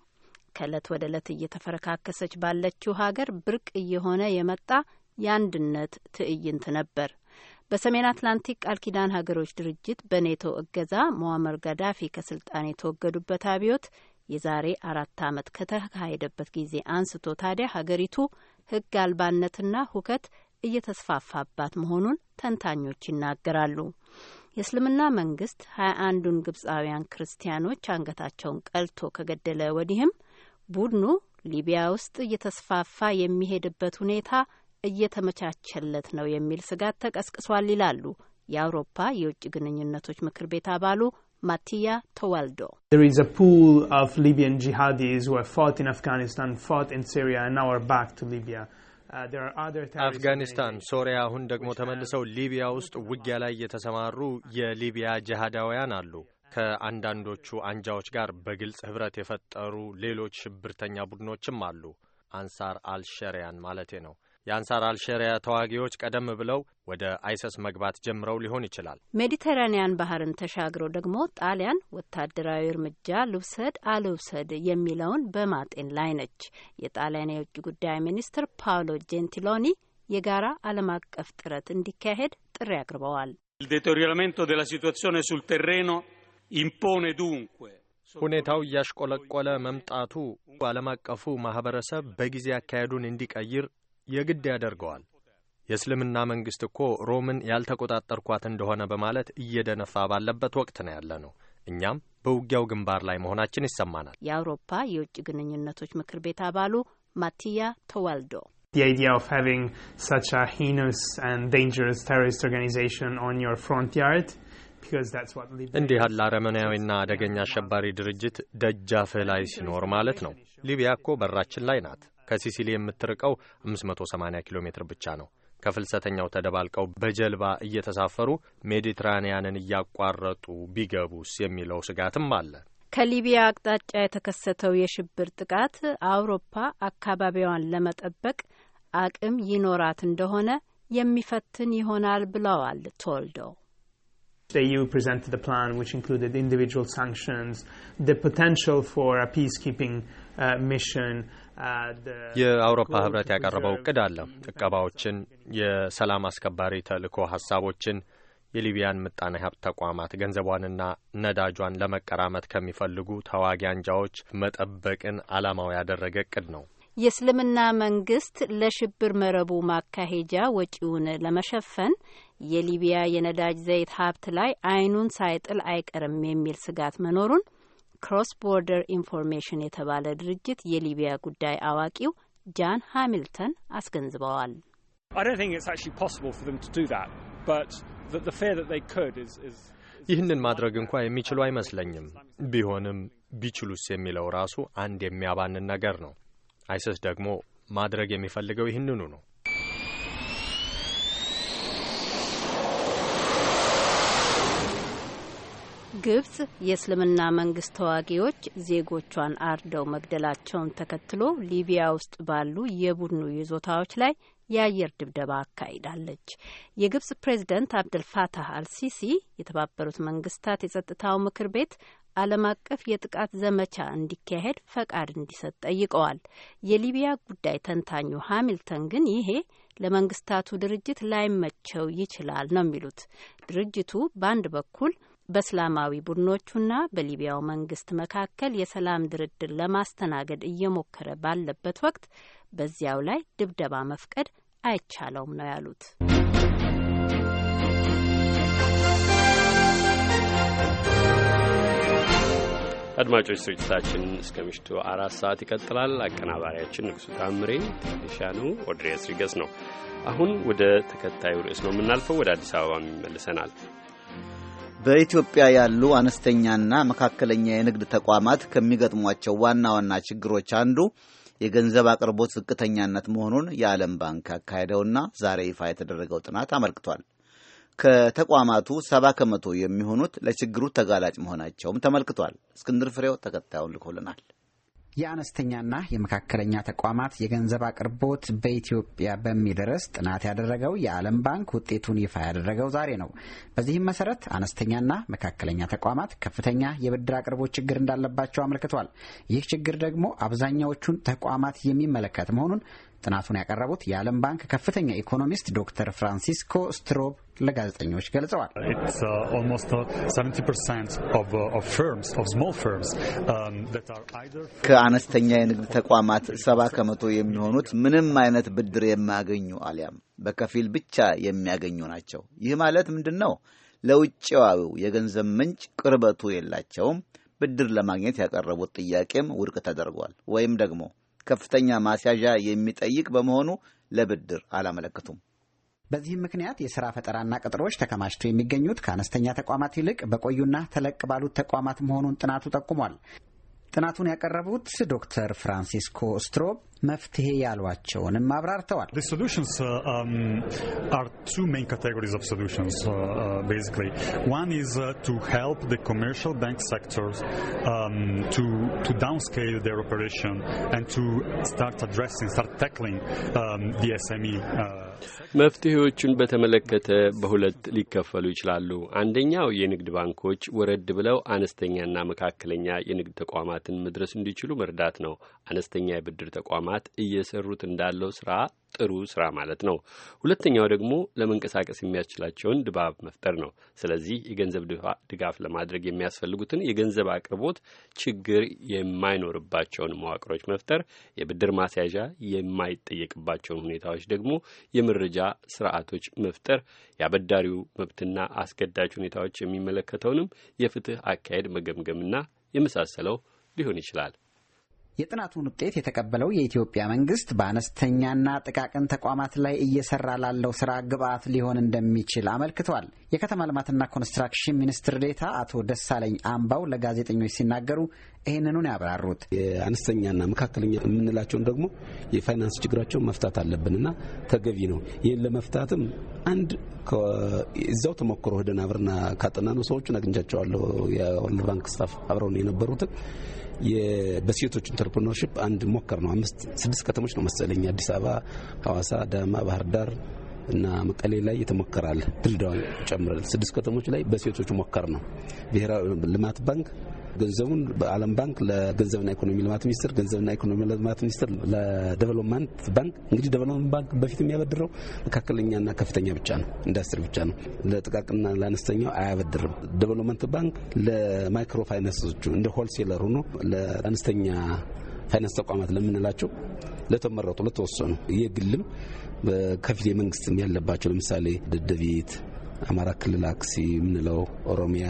ከእለት ወደ እለት እየተፈረካከሰች ባለችው ሀገር ብርቅ እየሆነ የመጣ የአንድነት ትዕይንት ነበር። በሰሜን አትላንቲክ ቃል ኪዳን ሀገሮች ድርጅት በኔቶ እገዛ ሞአመር ጋዳፊ ከስልጣን የተወገዱበት አብዮት የዛሬ አራት ዓመት ከተካሄደበት ጊዜ አንስቶ ታዲያ ሀገሪቱ ሕግ አልባነትና ሁከት እየተስፋፋባት መሆኑን ተንታኞች ይናገራሉ። የእስልምና መንግስት ሀያ አንዱን ግብጻውያን ክርስቲያኖች አንገታቸውን ቀልቶ ከገደለ ወዲህም ቡድኑ ሊቢያ ውስጥ እየተስፋፋ የሚሄድበት ሁኔታ እየተመቻቸለት ነው የሚል ስጋት ተቀስቅሷል ይላሉ የአውሮፓ የውጭ ግንኙነቶች ምክር ቤት አባሉ ማቲያ ተዋልዶ። አፍጋኒስታን፣ uh, ሶሪያ፣ አሁን ደግሞ ተመልሰው ሊቢያ ውስጥ ውጊያ ላይ የተሰማሩ የሊቢያ ጅሃዳውያን አሉ። ከአንዳንዶቹ አንጃዎች ጋር በግልጽ ህብረት የፈጠሩ ሌሎች ሽብርተኛ ቡድኖችም አሉ። አንሳር አልሸሪያን ማለቴ ነው። የአንሳር አልሸሪያ ተዋጊዎች ቀደም ብለው ወደ አይሰስ መግባት ጀምረው ሊሆን ይችላል። ሜዲተራኒያን ባህርን ተሻግረው ደግሞ ጣሊያን ወታደራዊ እርምጃ ልውሰድ አልውሰድ የሚለውን በማጤን ላይ ነች። የጣሊያን የውጭ ጉዳይ ሚኒስትር ፓውሎ ጄንቲሎኒ የጋራ ዓለም አቀፍ ጥረት እንዲካሄድ ጥሪ አቅርበዋል። ዴቴሪዮራሜንቶ ደላ ሲቱዋሲዮኔ ሱል ተሬኖ ዱንኩ ሁኔታው እያሽቆለቆለ መምጣቱ ዓለም አቀፉ ማህበረሰብ በጊዜ አካሄዱን እንዲቀይር የግድ ያደርገዋል። የእስልምና መንግስት እኮ ሮምን ያልተቆጣጠርኳት እንደሆነ በማለት እየደነፋ ባለበት ወቅት ነው ያለ ነው። እኛም በውጊያው ግንባር ላይ መሆናችን ይሰማናል። የአውሮፓ የውጭ ግንኙነቶች ምክር ቤት አባሉ ማቲያ ተዋልዶ The idea of having such a heinous and dangerous terrorist organization on your front yard እንዲህ ያለ አረመናዊና አደገኛ አሸባሪ ድርጅት ደጃፍህ ላይ ሲኖር ማለት ነው። ሊቢያ እኮ በራችን ላይ ናት። ከሲሲሊ የምትርቀው 580 ኪሎ ሜትር ብቻ ነው። ከፍልሰተኛው ተደባልቀው በጀልባ እየተሳፈሩ ሜዲትራንያንን እያቋረጡ ቢገቡስ የሚለው ስጋትም አለ። ከሊቢያ አቅጣጫ የተከሰተው የሽብር ጥቃት አውሮፓ አካባቢዋን ለመጠበቅ አቅም ይኖራት እንደሆነ የሚፈትን ይሆናል ብለዋል ቶልዶ። ሚሽን የአውሮፓ ህብረት ያቀረበው እቅድ አለ። እቀባዎችን፣ የሰላም አስከባሪ ተልእኮ ሀሳቦችን፣ የሊቢያን ምጣኔ ሀብት ተቋማት ገንዘቧንና ነዳጇን ለመቀራመት ከሚፈልጉ ተዋጊ አንጃዎች መጠበቅን አላማው ያደረገ እቅድ ነው። የእስልምና መንግስት ለሽብር መረቡ ማካሄጃ ወጪውን ለመሸፈን የሊቢያ የነዳጅ ዘይት ሀብት ላይ አይኑን ሳይጥል አይቀርም የሚል ስጋት መኖሩን ክሮስ ቦርደር ኢንፎርሜሽን የተባለ ድርጅት የሊቢያ ጉዳይ አዋቂው ጃን ሃሚልተን አስገንዝበዋል። ይህንን ማድረግ እንኳ የሚችሉ አይመስለኝም። ቢሆንም ቢችሉስ የሚለው ራሱ አንድ የሚያባንን ነገር ነው። አይሰስ ደግሞ ማድረግ የሚፈልገው ይህንኑ ነው። ግብጽ የእስልምና መንግስት ተዋጊዎች ዜጎቿን አርደው መግደላቸውን ተከትሎ ሊቢያ ውስጥ ባሉ የቡድኑ ይዞታዎች ላይ የአየር ድብደባ አካሂዳለች። የግብጽ ፕሬዝደንት አብደልፋታህ አልሲሲ የተባበሩት መንግስታት የጸጥታው ምክር ቤት ዓለም አቀፍ የጥቃት ዘመቻ እንዲካሄድ ፈቃድ እንዲሰጥ ጠይቀዋል። የሊቢያ ጉዳይ ተንታኙ ሀሚልተን ግን ይሄ ለመንግስታቱ ድርጅት ላይመቸው ይችላል ነው የሚሉት። ድርጅቱ በአንድ በኩል በእስላማዊ ቡድኖቹና በሊቢያው መንግስት መካከል የሰላም ድርድር ለማስተናገድ እየሞከረ ባለበት ወቅት በዚያው ላይ ድብደባ መፍቀድ አይቻለውም ነው ያሉት። አድማጮች ስርጭታችን እስከ ምሽቱ አራት ሰዓት ይቀጥላል። አቀናባሪያችን ንጉሱ ታምሬ፣ ቴክኒሻኑ ኦድሬስ ሪገስ ነው። አሁን ወደ ተከታዩ ርዕስ ነው የምናልፈው። ወደ አዲስ አበባም ይመልሰናል። በኢትዮጵያ ያሉ አነስተኛና መካከለኛ የንግድ ተቋማት ከሚገጥሟቸው ዋና ዋና ችግሮች አንዱ የገንዘብ አቅርቦት ዝቅተኛነት መሆኑን የዓለም ባንክ ያካሄደውና ዛሬ ይፋ የተደረገው ጥናት አመልክቷል። ከተቋማቱ ሰባ ከመቶ የሚሆኑት ለችግሩ ተጋላጭ መሆናቸውም ተመልክቷል። እስክንድር ፍሬው ተከታዩን ልኮልናል። የአነስተኛና የመካከለኛ ተቋማት የገንዘብ አቅርቦት በኢትዮጵያ በሚል ርዕስ ጥናት ያደረገው የዓለም ባንክ ውጤቱን ይፋ ያደረገው ዛሬ ነው። በዚህም መሰረት አነስተኛና መካከለኛ ተቋማት ከፍተኛ የብድር አቅርቦት ችግር እንዳለባቸው አመልክቷል። ይህ ችግር ደግሞ አብዛኛዎቹን ተቋማት የሚመለከት መሆኑን ጥናቱን ያቀረቡት የዓለም ባንክ ከፍተኛ ኢኮኖሚስት ዶክተር ፍራንሲስኮ ስትሮብ ለጋዜጠኞች ገልጸዋል። ከአነስተኛ የንግድ ተቋማት ሰባ ከመቶ የሚሆኑት ምንም አይነት ብድር የማያገኙ አሊያም በከፊል ብቻ የሚያገኙ ናቸው። ይህ ማለት ምንድን ነው? ለውጭዋዊው የገንዘብ ምንጭ ቅርበቱ የላቸውም። ብድር ለማግኘት ያቀረቡት ጥያቄም ውድቅ ተደርጓል ወይም ደግሞ ከፍተኛ ማስያዣ የሚጠይቅ በመሆኑ ለብድር አላመለክቱም። በዚህም ምክንያት የስራ ፈጠራና ቅጥሮች ተከማችተው የሚገኙት ከአነስተኛ ተቋማት ይልቅ በቆዩና ተለቅ ባሉት ተቋማት መሆኑን ጥናቱ ጠቁሟል። ጥናቱን ያቀረቡት ዶክተር ፍራንሲስኮ ስትሮብ መፍትሄ ያሏቸውንም አብራርተዋል። መፍትሄዎቹን በተመለከተ በሁለት ሊከፈሉ ይችላሉ። አንደኛው የንግድ ባንኮች ወረድ ብለው አነስተኛና መካከለኛ የንግድ ተቋማትን መድረስ እንዲችሉ መርዳት ነው። አነስተኛ የብድር ተቋማት እየሰሩት እንዳለው ስራ ጥሩ ስራ ማለት ነው። ሁለተኛው ደግሞ ለመንቀሳቀስ የሚያስችላቸውን ድባብ መፍጠር ነው። ስለዚህ የገንዘብ ድጋፍ ለማድረግ የሚያስፈልጉትን የገንዘብ አቅርቦት ችግር የማይኖርባቸውን መዋቅሮች መፍጠር፣ የብድር ማስያዣ የማይጠየቅባቸውን ሁኔታዎች ደግሞ የመረጃ ስርዓቶች መፍጠር፣ የአበዳሪው መብትና አስገዳጅ ሁኔታዎች የሚመለከተውንም የፍትህ አካሄድ መገምገምና የመሳሰለው ሊሆን ይችላል። የጥናቱን ውጤት የተቀበለው የኢትዮጵያ መንግስት በአነስተኛና ጥቃቅን ተቋማት ላይ እየሰራ ላለው ስራ ግብአት ሊሆን እንደሚችል አመልክቷል። የከተማ ልማትና ኮንስትራክሽን ሚኒስትር ዴታ አቶ ደሳለኝ አምባው ለጋዜጠኞች ሲናገሩ ይህንኑን ያብራሩት የአነስተኛና መካከለኛ የምንላቸውን ደግሞ የፋይናንስ ችግራቸውን መፍታት አለብንና ተገቢ ነው። ይህን ለመፍታትም አንድ እዛው ተሞክሮ ሄደን አብረና ካጠናነው ሰዎቹን አግኝቻቸዋለሁ። የወርልድ ባንክ ስታፍ አብረውን የነበሩትን በሴቶች ኢንተርፕርነርሽፕ አንድ ሞከር ነው። አምስት ስድስት ከተሞች ነው መሰለኝ አዲስ አበባ፣ ሐዋሳ፣ አዳማ፣ ባህር ዳር እና መቀሌ ላይ የተሞከራል ድሬዳዋን ጨምረል ስድስት ከተሞች ላይ በሴቶች ሞከር ነው። ብሔራዊ ልማት ባንክ ገንዘቡን በዓለም ባንክ ለገንዘብና ኢኮኖሚ ልማት ሚኒስትር ገንዘብና ኢኮኖሚ ልማት ሚኒስትር ለዴቨሎፕመንት ባንክ። እንግዲህ ዴቨሎፕመንት ባንክ በፊት የሚያበድረው መካከለኛና ከፍተኛ ብቻ ነው፣ ኢንዱስትሪ ብቻ ነው። ለጥቃቅና ለአነስተኛው አያበድርም። ዴቨሎፕመንት ባንክ ለማይክሮ ፋይናንሶቹ እንደ ሆልሴለር ሆኖ ለአነስተኛ ፋይናንስ ተቋማት ለምንላቸው ለተመረጡ ለተወሰኑ የግልም በከፊል የመንግስትም ያለባቸው ለምሳሌ ደደቢት አማራ ክልል አክሲ የምንለው ኦሮሚያ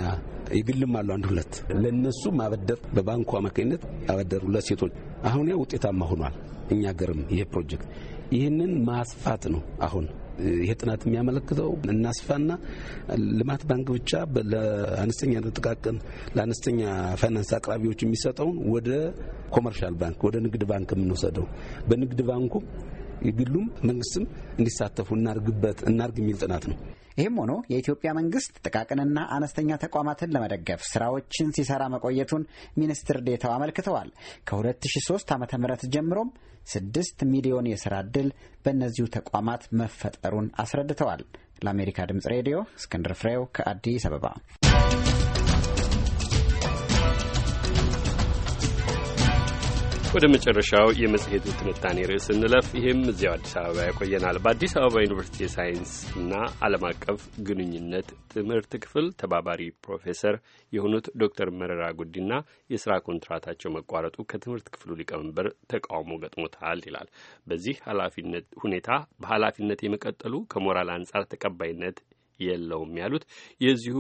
የግልም አሉ አንድ ሁለት ለእነሱ ማበደር በባንኩ አማካኝነት አበደሩ ለሴቶች አሁን ያ ውጤታማ ሆኗል። እኛ ገርም ይሄ ፕሮጀክት ይህንን ማስፋት ነው አሁን ይሄ ጥናት የሚያመለክተው እናስፋና ልማት ባንክ ብቻ ለአነስተኛ ጥቃቅን ለአነስተኛ ፋይናንስ አቅራቢዎች የሚሰጠውን ወደ ኮመርሻል ባንክ ወደ ንግድ ባንክ የምንወሰደው በንግድ ባንኩም የግሉም መንግስትም እንዲሳተፉ እናርግበት እናርግ የሚል ጥናት ነው። ይህም ሆኖ የኢትዮጵያ መንግስት ጥቃቅንና አነስተኛ ተቋማትን ለመደገፍ ስራዎችን ሲሰራ መቆየቱን ሚኒስትር ዴታው አመልክተዋል። ከ2003 ዓ ም ጀምሮም 6 ሚሊዮን የስራ ዕድል በእነዚሁ ተቋማት መፈጠሩን አስረድተዋል። ለአሜሪካ ድምፅ ሬዲዮ እስክንድር ፍሬው ከአዲስ አበባ ወደ መጨረሻው የመጽሔቱ ትንታኔ ርዕስ እንለፍ። ይህም እዚያው አዲስ አበባ ያቆየናል። በአዲስ አበባ ዩኒቨርሲቲ የሳይንስና ዓለም አቀፍ ግንኙነት ትምህርት ክፍል ተባባሪ ፕሮፌሰር የሆኑት ዶክተር መረራ ጉዲና የስራ ኮንትራታቸው መቋረጡ ከትምህርት ክፍሉ ሊቀመንበር ተቃውሞ ገጥሞታል ይላል። በዚህ ኃላፊነት ሁኔታ በኃላፊነት የመቀጠሉ ከሞራል አንጻር ተቀባይነት የለውም ያሉት የዚሁ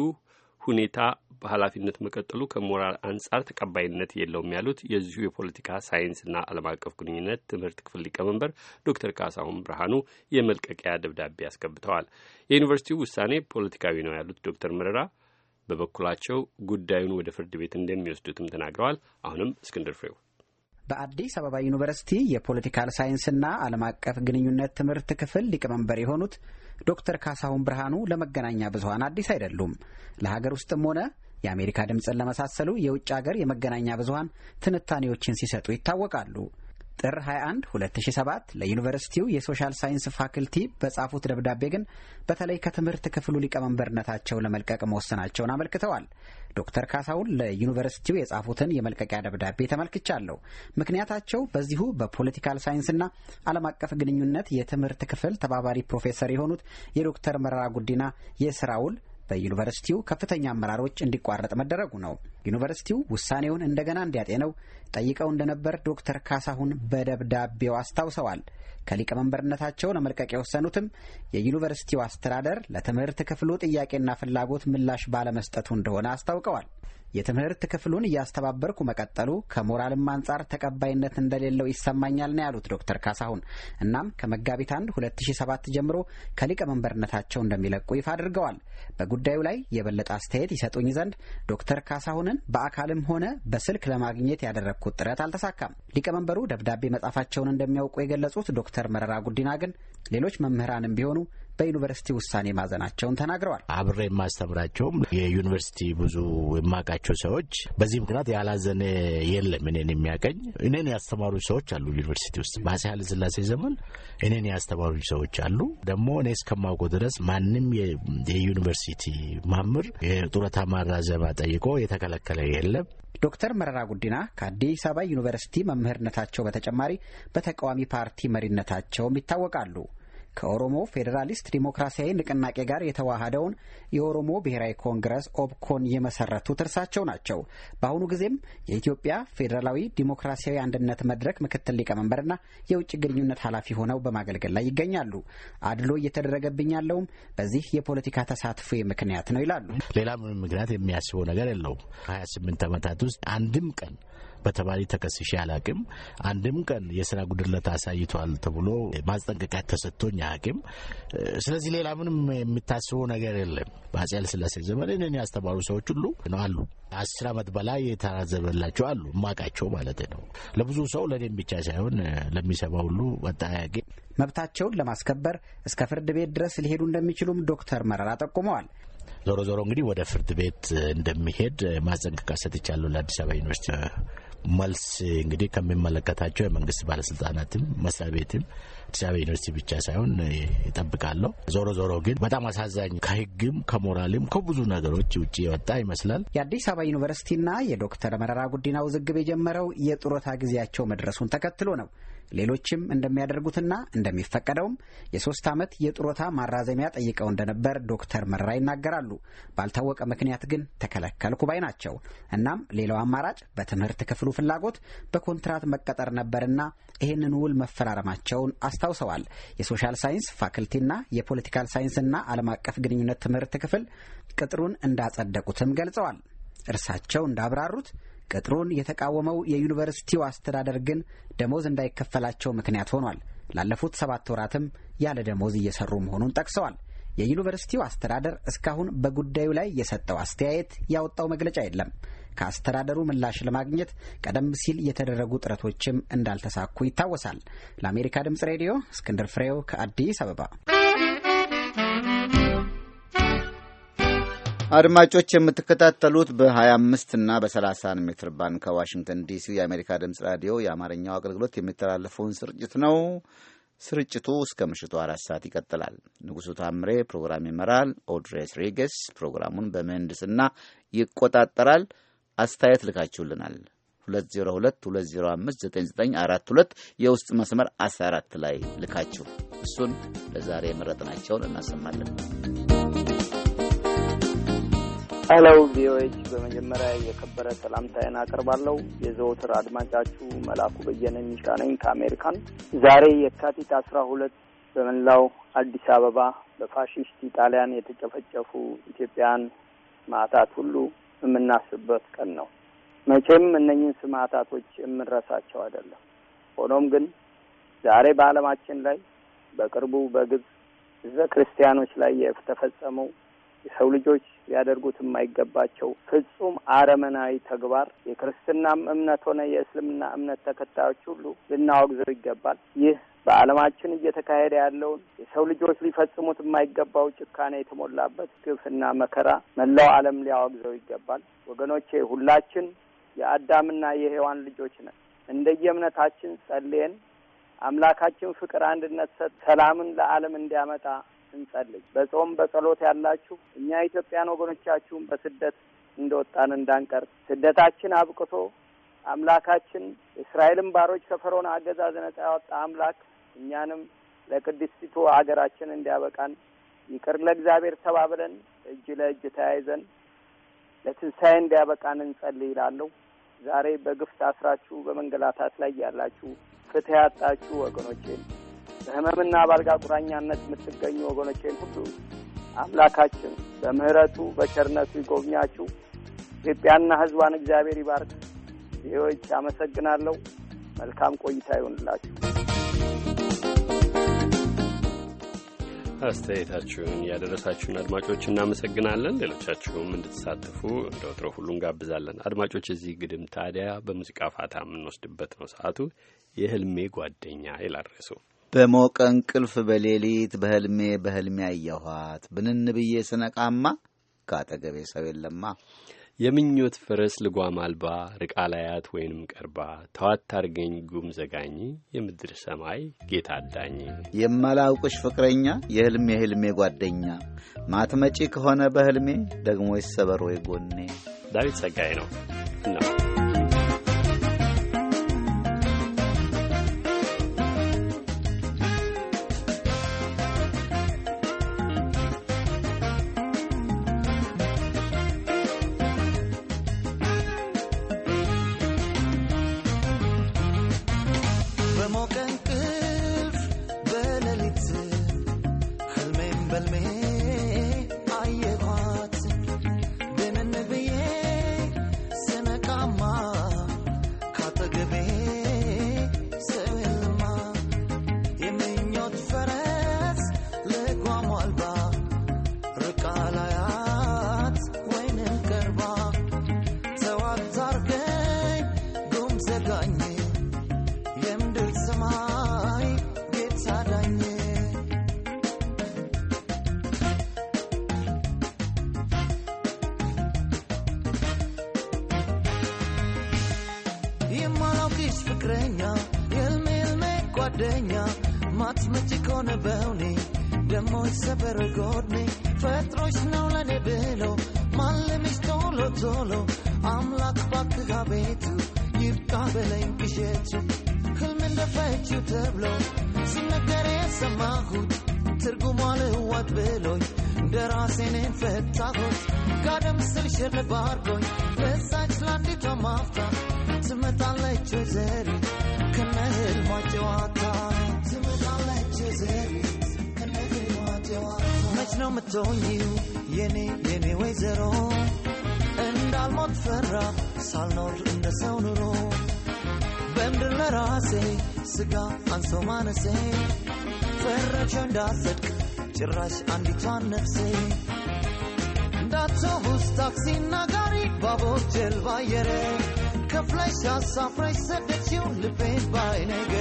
ሁኔታ በኃላፊነት መቀጠሉ ከሞራል አንጻር ተቀባይነት የለውም ያሉት የዚሁ የፖለቲካ ሳይንስና ዓለም አቀፍ ግንኙነት ትምህርት ክፍል ሊቀመንበር ዶክተር ካሳሁን ብርሃኑ የመልቀቂያ ደብዳቤ አስገብተዋል። የዩኒቨርሲቲው ውሳኔ ፖለቲካዊ ነው ያሉት ዶክተር መረራ በበኩላቸው ጉዳዩን ወደ ፍርድ ቤት እንደሚወስዱትም ተናግረዋል። አሁንም እስክንድር ፍሬው በአዲስ አበባ ዩኒቨርሲቲ የፖለቲካል ሳይንስና ዓለም አቀፍ ግንኙነት ትምህርት ክፍል ሊቀመንበር የሆኑት ዶክተር ካሳሁን ብርሃኑ ለመገናኛ ብዙሀን አዲስ አይደሉም። ለሀገር ውስጥም ሆነ የአሜሪካ ድምፅን ለመሳሰሉ የውጭ ሀገር የመገናኛ ብዙሀን ትንታኔዎችን ሲሰጡ ይታወቃሉ። ጥር 21 2007 ለዩኒቨርሲቲው የሶሻል ሳይንስ ፋክልቲ በጻፉት ደብዳቤ ግን በተለይ ከትምህርት ክፍሉ ሊቀመንበርነታቸው ለመልቀቅ መወሰናቸውን አመልክተዋል። ዶክተር ካሳሁን ለዩኒቨርሲቲው የጻፉትን የመልቀቂያ ደብዳቤ ተመልክቻለሁ። ምክንያታቸው በዚሁ በፖለቲካል ሳይንስና ዓለም አቀፍ ግንኙነት የትምህርት ክፍል ተባባሪ ፕሮፌሰር የሆኑት የዶክተር መረራ ጉዲና የስራ ውል በዩኒቨርሲቲው ከፍተኛ አመራሮች እንዲቋረጥ መደረጉ ነው። ዩኒቨርሲቲው ውሳኔውን እንደገና እንዲያጤነው ጠይቀው እንደነበር ዶክተር ካሳሁን በደብዳቤው አስታውሰዋል። ከሊቀመንበርነታቸው ለመልቀቅ የወሰኑትም የዩኒቨርሲቲው አስተዳደር ለትምህርት ክፍሉ ጥያቄና ፍላጎት ምላሽ ባለመስጠቱ እንደሆነ አስታውቀዋል። የትምህርት ክፍሉን እያስተባበርኩ መቀጠሉ ከሞራልም አንጻር ተቀባይነት እንደሌለው ይሰማኛል ነው ያሉት ዶክተር ካሳሁን። እናም ከመጋቢት አንድ 2007 ጀምሮ ከሊቀመንበርነታቸው እንደሚለቁ ይፋ አድርገዋል። በጉዳዩ ላይ የበለጠ አስተያየት ይሰጡኝ ዘንድ ዶክተር ካሳሁንን በአካልም ሆነ በስልክ ለማግኘት ያደረግኩት ጥረት አልተሳካም። ሊቀመንበሩ ደብዳቤ መጻፋቸውን እንደሚያውቁ የገለጹት ዶክተር መረራ ጉዲና ግን ሌሎች መምህራንም ቢሆኑ በዩኒቨርሲቲ ውሳኔ ማዘናቸውን ተናግረዋል። አብሬ የማስተምራቸውም የዩኒቨርሲቲ ብዙ የማውቃቸው ሰዎች በዚህ ምክንያት ያላዘነ የለም። እኔን የሚያቀኝ እኔን ያስተማሩ ሰዎች አሉ ዩኒቨርሲቲ ውስጥ በአፄ ኃይለ ሥላሴ ዘመን እኔን ያስተማሩ ሰዎች አሉ። ደግሞ እኔ እስከማውቀው ድረስ ማንም የዩኒቨርሲቲ ማምር የጡረታ ማራዘሚያ ጠይቆ የተከለከለ የለም። ዶክተር መረራ ጉዲና ከአዲስ አበባ ዩኒቨርሲቲ መምህርነታቸው በተጨማሪ በተቃዋሚ ፓርቲ መሪነታቸውም ይታወቃሉ። ከኦሮሞ ፌዴራሊስት ዲሞክራሲያዊ ንቅናቄ ጋር የተዋሃደውን የኦሮሞ ብሔራዊ ኮንግረስ ኦብኮን የመሰረቱት እርሳቸው ናቸው። በአሁኑ ጊዜም የኢትዮጵያ ፌዴራላዊ ዲሞክራሲያዊ አንድነት መድረክ ምክትል ሊቀመንበርና የውጭ ግንኙነት ኃላፊ ሆነው በማገልገል ላይ ይገኛሉ። አድሎ እየተደረገብኝ ያለውም በዚህ የፖለቲካ ተሳትፎ ምክንያት ነው ይላሉ። ሌላ ምንም ምክንያት የሚያስበው ነገር የለውም። ሀያ ስምንት ዓመታት ውስጥ አንድም ቀን በተባለ ተከስሼ አላቅም። አንድም ቀን የስራ ጉድለት አሳይቷል ተብሎ ማስጠንቀቂያ ተሰጥቶኝ አያቅም። ስለዚህ ሌላ ምንም የሚታስቡ ነገር የለም። በአፄ ኃይለሥላሴ ዘመን እኔን ያስተማሩ ሰዎች ሁሉ ነው አሉ። አስር አመት በላይ የተራዘበላቸው አሉ፣ እማቃቸው ማለት ነው። ለብዙ ሰው ለእኔም ብቻ ሳይሆን ለሚሰማ ሁሉ አጠያያቂ መብታቸውን ለማስከበር እስከ ፍርድ ቤት ድረስ ሊሄዱ እንደሚችሉም ዶክተር መረራ ጠቁመዋል። ዞሮ ዞሮ እንግዲህ ወደ ፍርድ ቤት እንደሚሄድ ማስጠንቀቂያ ሰጥቻለሁ ለአዲስ አበባ ዩኒቨርሲቲ መልስ እንግዲህ ከሚመለከታቸው የመንግስት ባለስልጣናትም መስሪያ ቤትም አዲስ አበባ ዩኒቨርሲቲ ብቻ ሳይሆን ይጠብቃለሁ። ዞሮ ዞሮ ግን በጣም አሳዛኝ ከህግም ከሞራልም ከብዙ ነገሮች ውጭ የወጣ ይመስላል። የአዲስ አበባ ዩኒቨርሲቲና የዶክተር መረራ ጉዲና ውዝግብ የጀመረው የጡረታ ጊዜያቸው መድረሱን ተከትሎ ነው። ሌሎችም እንደሚያደርጉትና እንደሚፈቀደውም የሶስት ዓመት የጡረታ ማራዘሚያ ጠይቀው እንደነበር ዶክተር መራ ይናገራሉ። ባልታወቀ ምክንያት ግን ተከለከልኩ ባይ ናቸው። እናም ሌላው አማራጭ በትምህርት ክፍሉ ፍላጎት በኮንትራት መቀጠር ነበርና ይህንን ውል መፈራረማቸውን አስታውሰዋል። የሶሻል ሳይንስ ፋክልቲና የፖለቲካል ሳይንስና ዓለም አቀፍ ግንኙነት ትምህርት ክፍል ቅጥሩን እንዳጸደቁትም ገልጸዋል። እርሳቸው እንዳብራሩት ቅጥሩን የተቃወመው የዩኒቨርሲቲው አስተዳደር ግን ደሞዝ እንዳይከፈላቸው ምክንያት ሆኗል። ላለፉት ሰባት ወራትም ያለ ደሞዝ እየሰሩ መሆኑን ጠቅሰዋል። የዩኒቨርሲቲው አስተዳደር እስካሁን በጉዳዩ ላይ የሰጠው አስተያየት፣ ያወጣው መግለጫ የለም። ከአስተዳደሩ ምላሽ ለማግኘት ቀደም ሲል የተደረጉ ጥረቶችም እንዳልተሳኩ ይታወሳል። ለአሜሪካ ድምጽ ሬዲዮ እስክንድር ፍሬው ከአዲስ አበባ አድማጮች የምትከታተሉት በ25 እና በ30 ሜትር ባንድ ከዋሽንግተን ዲሲ የአሜሪካ ድምፅ ራዲዮ የአማርኛው አገልግሎት የሚተላለፈውን ስርጭት ነው። ስርጭቱ እስከ ምሽቱ አራት ሰዓት ይቀጥላል። ንጉሡ ታምሬ ፕሮግራም ይመራል። ኦድሬስ ሬጌስ ፕሮግራሙን በምህንድስና ይቆጣጠራል። አስተያየት ልካችሁልናል። 2022059942 የውስጥ መስመር 14 ላይ ልካችሁ እሱን ለዛሬ የመረጥናቸውን እናሰማለን። ሄለው ቪኦኤች በመጀመሪያ የከበረ ሰላምታዬን አቀርባለሁ። የዘወትር አድማጫችሁ መላኩ በየነ ሚሻ ነኝ ከአሜሪካን። ዛሬ የካቲት አስራ ሁለት በመላው አዲስ አበባ በፋሽስት ኢጣሊያን የተጨፈጨፉ ኢትዮጵያን ማዕታት ሁሉ የምናስብበት ቀን ነው። መቼም እነኝን ስማዕታቶች የምንረሳቸው አይደለም። ሆኖም ግን ዛሬ በዓለማችን ላይ በቅርቡ በግብጽ ቤተ ክርስቲያኖች ላይ የተፈጸመው የሰው ልጆች ሊያደርጉት የማይገባቸው ፍጹም አረመናዊ ተግባር የክርስትናም እምነት ሆነ የእስልምና እምነት ተከታዮች ሁሉ ልናወግዘው ይገባል። ይህ በዓለማችን እየተካሄደ ያለውን የሰው ልጆች ሊፈጽሙት የማይገባው ጭካኔ የተሞላበት ግፍና መከራ መላው ዓለም ሊያወግዘው ይገባል። ወገኖቼ ሁላችን የአዳምና የሔዋን ልጆች ነን። እንደየእምነታችን ጸልየን አምላካችን ፍቅር፣ አንድነት፣ ሰላምን ለዓለም እንዲያመጣ እንጸልይ። በጾም በጸሎት ያላችሁ እኛ ኢትዮጵያን ወገኖቻችሁን በስደት እንደወጣን እንዳንቀር ስደታችን አብቅቶ አምላካችን እስራኤልን ባሮች ከፈርዖን አገዛዝ ነጻ ያወጣ አምላክ እኛንም ለቅድስቲቱ አገራችን እንዲያበቃን ይቅር ለእግዚአብሔር ተባብለን እጅ ለእጅ ተያይዘን ለትንሣኤ እንዲያበቃን እንጸልይ ይላለሁ። ዛሬ በግፍ ታስራችሁ በመንገላታት ላይ ያላችሁ ፍትህ ያጣችሁ ወገኖቼ በህመምና ባልጋ ቁራኛነት የምትገኙ ወገኖቼን ሁሉ አምላካችን በምህረቱ በቸርነቱ ይጎብኛችሁ። ኢትዮጵያና ህዝቧን እግዚአብሔር ይባርክ። ዜዎች አመሰግናለሁ። መልካም ቆይታ ይሆንላችሁ። አስተያየታችሁን ያደረሳችሁን አድማጮች እናመሰግናለን። ሌሎቻችሁም እንድትሳትፉ እንደ ወትሮ ሁሉ እንጋብዛለን። አድማጮች፣ እዚህ ግድም ታዲያ በሙዚቃ ፋታ የምንወስድበት ነው። ሰዓቱ የህልሜ ጓደኛ ይላል ርዕሱ። በሞቀ እንቅልፍ በሌሊት በህልሜ በህልሜ አየኋት ብንን ብዬ ስነቃማ ከአጠገቤ ሰው የለማ። የምኞት ፈረስ ልጓም አልባ ርቃ ላያት ወይንም ቀርባ ተዋት ታርገኝ ጉም ዘጋኝ የምድር ሰማይ ጌታ አዳኝ የማላውቅሽ ፍቅረኛ የህልሜ ህልሜ ጓደኛ ማትመጪ ከሆነ በህልሜ ደግሞ ይሰበር ወይ ጎኔ ዳዊት ጸጋይ ነው እና ሆነ በውኔ ደሞ ሰበረ ጎድኔ ፈጥሮች ነው ለኔ ብሎ ማለምሽ ቶሎ ቶሎ አምላክ ባክህ አቤቱ ይብቃ በለኝ ቅዠቱ ህልም እንደፈችው ተብሎ ሲነገር የሰማሁት ትርጉሟ ልዋጥ ብሎኝ ደራሴኔን ፈታሁት ጋደም ስል ሰጥቶኝው የኔ የኔ ወይዘሮ እንዳልሞት ፈራ ሳልኖር እንደ ሰው ኑሮ በምድር ለራሴ ስጋ አንሶ ማነሴ ፈረጀ እንዳጸድቅ ጭራሽ አንዲቷን ነፍሴ እንዳቶቡስ ታክሲ ናጋሪ ባቦር ጀልባ አየረ ከፍለሽ አሳፍረሽ ሰደችው ልቤን ባይነገ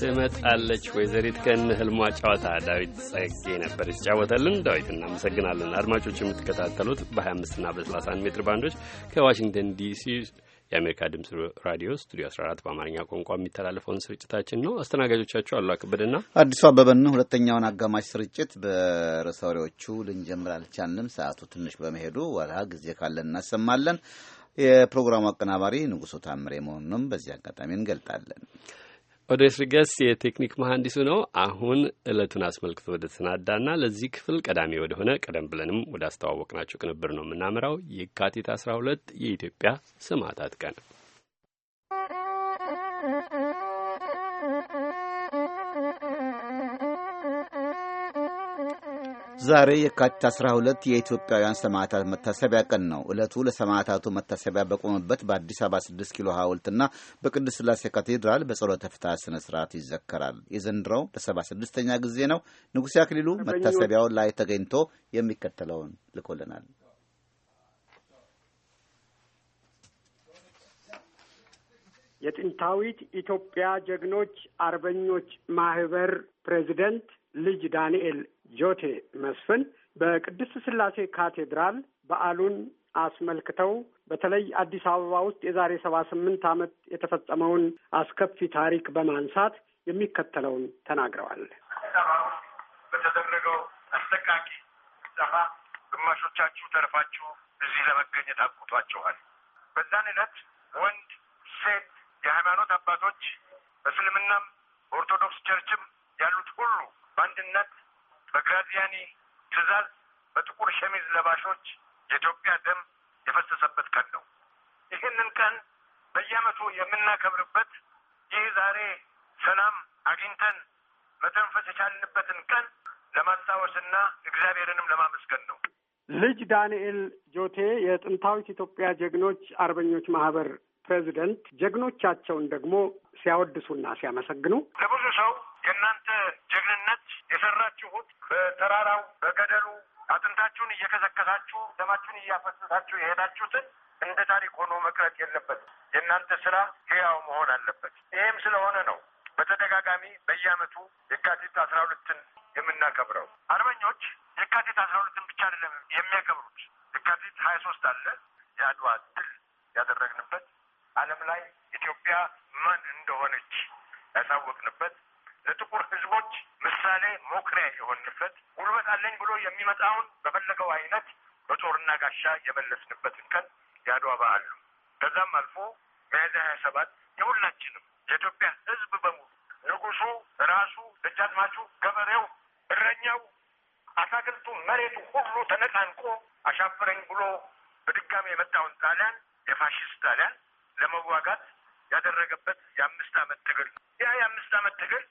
ትመጣለች ወይዘሪት ቀን ህልሟ ጨዋታ ዳዊት ጸጌ ነበር የተጫወተልን። ዳዊት እናመሰግናለን። አድማጮች የምትከታተሉት በ25 እና በ31 ሜትር ባንዶች ከዋሽንግተን ዲሲ የአሜሪካ ድምፅ ራዲዮ ስቱዲዮ 14 በአማርኛ ቋንቋ የሚተላለፈውን ስርጭታችን ነው። አስተናጋጆቻችሁ አሉ አክብድና አዲሱ አበበን። ሁለተኛውን አጋማሽ ስርጭት በርዕሰ ወሬዎቹ ልንጀምር አልቻልንም፣ ሰዓቱ ትንሽ በመሄዱ ወላ ጊዜ ካለን እናሰማለን። የፕሮግራሙ አቀናባሪ ንጉሶ ታምሬ መሆኑንም በዚህ አጋጣሚ እንገልጣለን። ኦዴስ ሪገስ የቴክኒክ መሐንዲሱ ነው። አሁን እለቱን አስመልክቶ ወደ ተሰናዳና ለዚህ ክፍል ቀዳሚ ወደሆነ ቀደም ብለንም ወደ አስተዋወቅናቸው ቅንብር ነው የምናመራው። የካቲት አስራ ሁለት የኢትዮጵያ ሰማዕታት ቀን ዛሬ የካቲት 12 የኢትዮጵያውያን ሰማዕታት መታሰቢያ ቀን ነው። ዕለቱ ለሰማዕታቱ መታሰቢያ በቆመበት በአዲስ አበባ 6 ኪሎ ሐውልትና በቅዱስ ሥላሴ ካቴድራል በጸሎተ ፍትሐት ሥነ ሥርዓት ይዘከራል። የዘንድሮው ለ76ኛ ጊዜ ነው። ንጉሴ አክሊሉ መታሰቢያው ላይ ተገኝቶ የሚከተለውን ልኮልናል። የጥንታዊት ኢትዮጵያ ጀግኖች አርበኞች ማህበር ፕሬዚደንት ልጅ ዳንኤል ጆቴ መስፍን በቅድስት ስላሴ ካቴድራል በዓሉን አስመልክተው በተለይ አዲስ አበባ ውስጥ የዛሬ ሰባ ስምንት ዓመት የተፈጸመውን አስከፊ ታሪክ በማንሳት የሚከተለውን ተናግረዋል። በተደረገው አስጠቃቂ ዛፋ ግማሾቻችሁ ተርፋችሁ እዚህ ለመገኘት አቁቷቸዋል። በዛን ዕለት ወንድ፣ ሴት፣ የሃይማኖት አባቶች በእስልምናም በኦርቶዶክስ ቸርችም ያሉት ሁሉ በአንድነት በግራዚያኒ ትዕዛዝ በጥቁር ሸሚዝ ለባሾች የኢትዮጵያ ደም የፈሰሰበት ቀን ነው። ይህንን ቀን በየዓመቱ የምናከብርበት ይህ ዛሬ ሰላም አግኝተን መተንፈስ የቻልንበትን ቀን ለማስታወስና እግዚአብሔርንም ለማመስገን ነው። ልጅ ዳንኤል ጆቴ የጥንታዊት ኢትዮጵያ ጀግኖች አርበኞች ማህበር ፕሬዚደንት፣ ጀግኖቻቸውን ደግሞ ሲያወድሱና ሲያመሰግኑ ለብዙ ሰው የእናንተ ጀግንነት የሰራችሁት በተራራው በገደሉ አጥንታችሁን እየከሰከሳችሁ ደማችሁን እያፈሰሳችሁ የሄዳችሁትን እንደ ታሪክ ሆኖ መቅረት የለበትም። የእናንተ ስራ ህያው መሆን አለበት። ይህም ስለሆነ ነው በተደጋጋሚ በየአመቱ የካቲት አስራ ሁለትን የምናከብረው። አርበኞች የካቲት አስራ ሁለትን ብቻ አይደለም የሚያከብሩት። የካቲት ሀያ ሶስት አለ የአድዋ ድል ያደረግንበት ዓለም ላይ ኢትዮጵያ ማን እንደሆነች ያሳወቅንበት ለጥቁር ህዝቦች ምሳሌ ሞክሪያ የሆንበት ጉልበት አለኝ ብሎ የሚመጣውን በፈለገው አይነት በጦርና ጋሻ የመለስንበትን ቀን የአድዋ በዓል ነው። ከዛም አልፎ ሚያዝያ ሀያ ሰባት የሁላችንም የኢትዮጵያ ህዝብ በሙሉ ንጉሱ ራሱ፣ ደጃዝማቹ፣ ገበሬው፣ እረኛው፣ አታክልቱ፣ መሬቱ ሁሉ ተነቃንቆ አሻፈረኝ ብሎ በድጋሚ የመጣውን ጣሊያን የፋሽስት ጣሊያን ለመዋጋት ያደረገበት የአምስት ዓመት ትግል ያ የአምስት ዓመት ትግል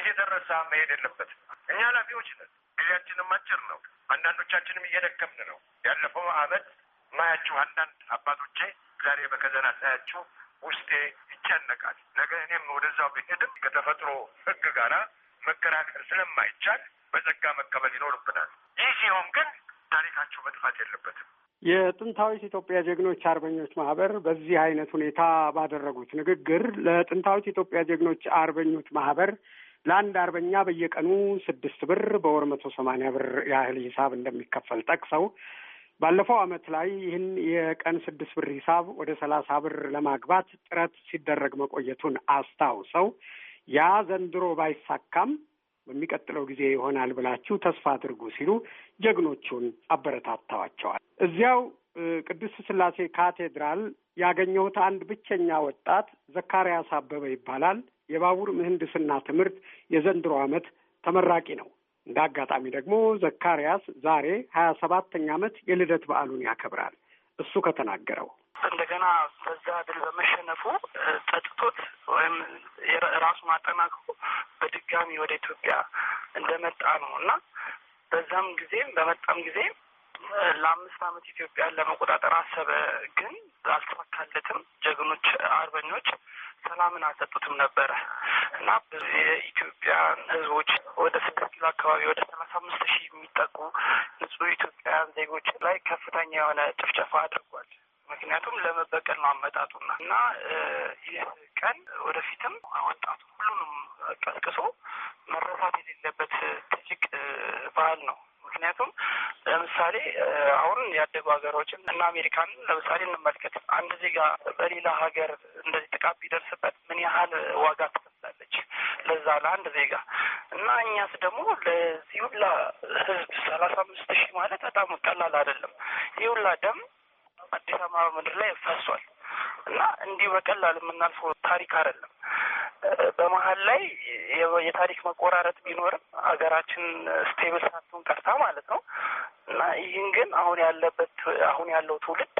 እየደረሰ መሄድ የለበትም። እኛ ኃላፊዎች ነን። ጊዜያችንም አጭር ነው። አንዳንዶቻችንም እየደከምን ነው። ያለፈው አመት ማያችሁ አንዳንድ አባቶቼ ዛሬ በከዘና ሳያችሁ ውስጤ ይጨነቃል። ነገ እኔም ወደዛው ብሄድም ከተፈጥሮ ህግ ጋር መከራከር ስለማይቻል በጸጋ መቀበል ይኖርብናል። ይህ ሲሆን ግን ታሪካችሁ መጥፋት የለበትም። የጥንታዊት ኢትዮጵያ ጀግኖች አርበኞች ማህበር በዚህ አይነት ሁኔታ ባደረጉት ንግግር ለጥንታዊት ኢትዮጵያ ጀግኖች አርበኞች ማህበር ለአንድ አርበኛ በየቀኑ ስድስት ብር በወር መቶ ሰማኒያ ብር ያህል ሂሳብ እንደሚከፈል ጠቅሰው ባለፈው ዓመት ላይ ይህን የቀን ስድስት ብር ሂሳብ ወደ ሰላሳ ብር ለማግባት ጥረት ሲደረግ መቆየቱን አስታውሰው ያ ዘንድሮ ባይሳካም በሚቀጥለው ጊዜ ይሆናል ብላችሁ ተስፋ አድርጉ ሲሉ ጀግኖቹን አበረታታዋቸዋል። እዚያው ቅድስት ስላሴ ካቴድራል ያገኘሁት አንድ ብቸኛ ወጣት ዘካርያስ አበበ ይባላል። የባቡር ምህንድስና ትምህርት የዘንድሮ ዓመት ተመራቂ ነው። እንደ አጋጣሚ ደግሞ ዘካርያስ ዛሬ ሀያ ሰባተኛ ዓመት የልደት በዓሉን ያከብራል። እሱ ከተናገረው እንደገና በዛ ድል በመሸነፉ ጸጥቶት ወይም ራሱን አጠናክሮ በድጋሚ ወደ ኢትዮጵያ እንደመጣ ነው እና በዛም ጊዜም በመጣም ጊዜ ለአምስት ዓመት ኢትዮጵያን ለመቆጣጠር አሰበ፣ ግን አልተሳካለትም። ጀግኖች አርበኞች ሰላምን አልሰጡትም ነበረ እና የኢትዮጵያን ህዝቦች ወደ ስድስት ኪሎ አካባቢ ወደ ሰላሳ አምስት ሺህ የሚጠጉ ንጹህ ኢትዮጵያውያን ዜጎች ላይ ከፍተኛ የሆነ ጭፍጨፋ አድርጓል። ምክንያቱም ለመበቀል ነው አመጣጡና እና ይህ ቀን ወደፊትም ወጣቱ ሁሉንም ቀስቅሶ መረሳት የሌለበት ትልቅ ባህል ነው። ምክንያቱም ለምሳሌ አሁን ያደጉ ሀገሮችን እና አሜሪካን ለምሳሌ እንመልከት። አንድ ዜጋ በሌላ ሀገር እንደዚህ ጥቃት ቢደርስበት ምን ያህል ዋጋ ትከፍላለች ለዛ ለአንድ ዜጋ እና እኛስ ደግሞ ለዚህ ሁላ ህዝብ ሰላሳ አምስት ሺህ ማለት በጣም ቀላል አይደለም። ይህ ሁላ ደም አዲስ አበባ ምድር ላይ ፈሷል። እና እንዲህ በቀላል የምናልፈው ታሪክ አይደለም። በመሀል ላይ የታሪክ መቆራረጥ ቢኖርም ሀገራችን ስቴብል ሳትሆን ቀርታ ማለት ነው እና ይህን ግን አሁን ያለበት አሁን ያለው ትውልድ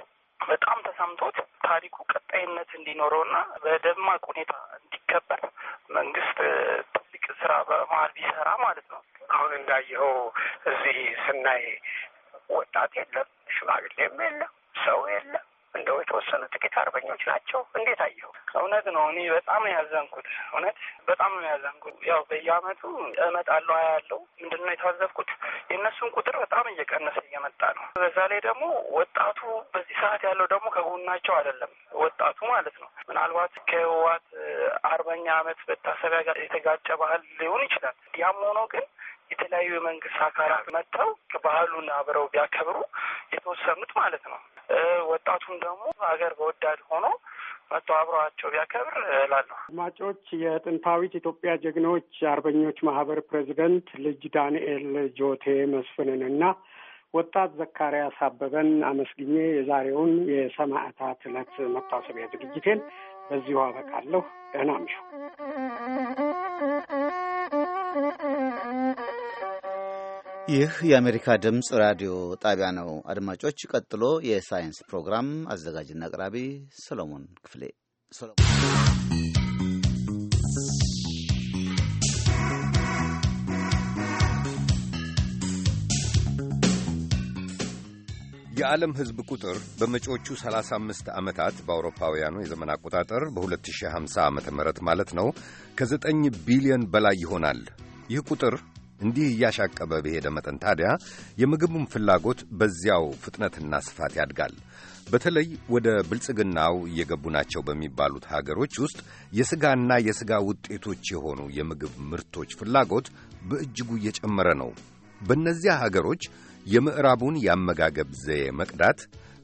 በጣም ተሰምቶት ታሪኩ ቀጣይነት እንዲኖረው እና በደማቅ ሁኔታ እንዲከበር መንግስት ትልቅ ስራ በመሀል ቢሰራ ማለት ነው። አሁን እንዳየኸው እዚህ ስናይ ወጣት የለም፣ ሽማግሌም የለም፣ ሰው የለም። እንደው የተወሰኑ ጥቂት አርበኞች ናቸው። እንዴት አየው? እውነት ነው። እኔ በጣም ያዘንኩት። እውነት በጣም ነው ያዘንኩት። ያው በየአመቱ እመጣለሁ ያለው ምንድን ነው የታዘብኩት፣ የእነሱን ቁጥር በጣም እየቀነሰ እየመጣ ነው። በዛ ላይ ደግሞ ወጣቱ በዚህ ሰዓት ያለው ደግሞ ከጎናቸው አይደለም፣ ወጣቱ ማለት ነው። ምናልባት ከህወሓት አርበኛ አመት መታሰቢያ ጋር የተጋጨ ባህል ሊሆን ይችላል። ያም ሆኖ ግን የተለያዩ የመንግስት አካላት መጥተው ባህሉን አብረው ቢያከብሩ የተወሰኑት ማለት ነው ወጣቱም ደግሞ ሀገር በወዳድ ሆኖ መጥቶ አብረዋቸው ቢያከብር እላለሁ። አድማጮች፣ የጥንታዊት ኢትዮጵያ ጀግኖች አርበኞች ማህበር ፕሬዚደንት ልጅ ዳንኤል ጆቴ መስፍንን እና ወጣት ዘካሪያስ አበበን አመስግኜ የዛሬውን የሰማዕታት ዕለት መታሰቢያ ዝግጅቴን በዚሁ አበቃለሁ። ደህና ምሹ። ይህ የአሜሪካ ድምፅ ራዲዮ ጣቢያ ነው። አድማጮች፣ ቀጥሎ የሳይንስ ፕሮግራም አዘጋጅና አቅራቢ ሰሎሞን ክፍሌ። የዓለም ሕዝብ ቁጥር በመጪዎቹ 35 ዓመታት በአውሮፓውያኑ የዘመን አቆጣጠር በ2050 ዓ ም ማለት ነው ከ9 ቢሊዮን በላይ ይሆናል። ይህ ቁጥር እንዲህ እያሻቀበ በሄደ መጠን ታዲያ የምግቡም ፍላጎት በዚያው ፍጥነትና ስፋት ያድጋል። በተለይ ወደ ብልጽግናው እየገቡ ናቸው በሚባሉት ሀገሮች ውስጥ የሥጋና የሥጋ ውጤቶች የሆኑ የምግብ ምርቶች ፍላጎት በእጅጉ እየጨመረ ነው። በእነዚያ ሀገሮች የምዕራቡን የአመጋገብ ዘዬ መቅዳት፣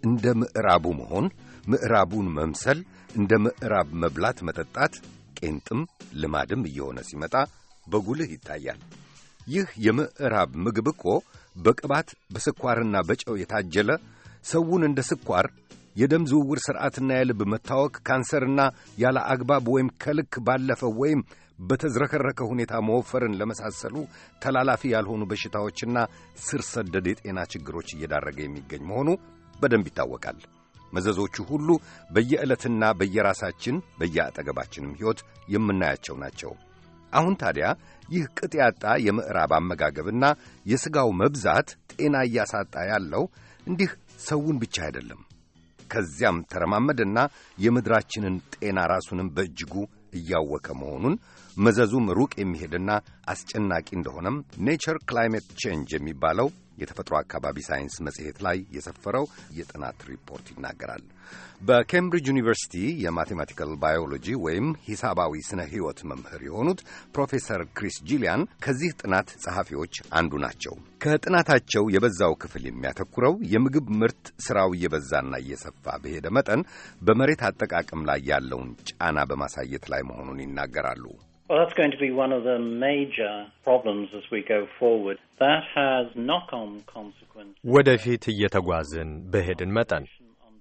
እንደ ምዕራቡ መሆን፣ ምዕራቡን መምሰል፣ እንደ ምዕራብ መብላት፣ መጠጣት ቄንጥም ልማድም እየሆነ ሲመጣ በጉልህ ይታያል። ይህ የምዕራብ ምግብ እኮ በቅባት በስኳርና በጨው የታጀለ ሰውን እንደ ስኳር፣ የደም ዝውውር ሥርዓትና የልብ መታወክ፣ ካንሰርና ያለ አግባብ ወይም ከልክ ባለፈ ወይም በተዝረከረከ ሁኔታ መወፈርን ለመሳሰሉ ተላላፊ ያልሆኑ በሽታዎችና ስር ሰደድ የጤና ችግሮች እየዳረገ የሚገኝ መሆኑ በደንብ ይታወቃል። መዘዞቹ ሁሉ በየዕለትና በየራሳችን በየአጠገባችንም ሕይወት የምናያቸው ናቸው። አሁን ታዲያ ይህ ቅጥ ያጣ የምዕራብ አመጋገብና የሥጋው መብዛት ጤና እያሳጣ ያለው እንዲህ ሰውን ብቻ አይደለም። ከዚያም ተረማመደና የምድራችንን ጤና ራሱንም በእጅጉ እያወከ መሆኑን መዘዙም ሩቅ የሚሄድና አስጨናቂ እንደሆነም ኔቸር ክላይሜት ቼንጅ የሚባለው የተፈጥሮ አካባቢ ሳይንስ መጽሔት ላይ የሰፈረው የጥናት ሪፖርት ይናገራል። በኬምብሪጅ ዩኒቨርሲቲ የማቴማቲካል ባዮሎጂ ወይም ሂሳባዊ ስነ ሕይወት መምህር የሆኑት ፕሮፌሰር ክሪስ ጂሊያን ከዚህ ጥናት ጸሐፊዎች አንዱ ናቸው። ከጥናታቸው የበዛው ክፍል የሚያተኩረው የምግብ ምርት ስራው እየበዛና እየሰፋ በሄደ መጠን በመሬት አጠቃቀም ላይ ያለውን ጫና በማሳየት ላይ መሆኑን ይናገራሉ። Well, that's going to be one of the major problems as we go forward. That has knock-on consequences. ወደፊት እየተጓዝን በሄድን መጠን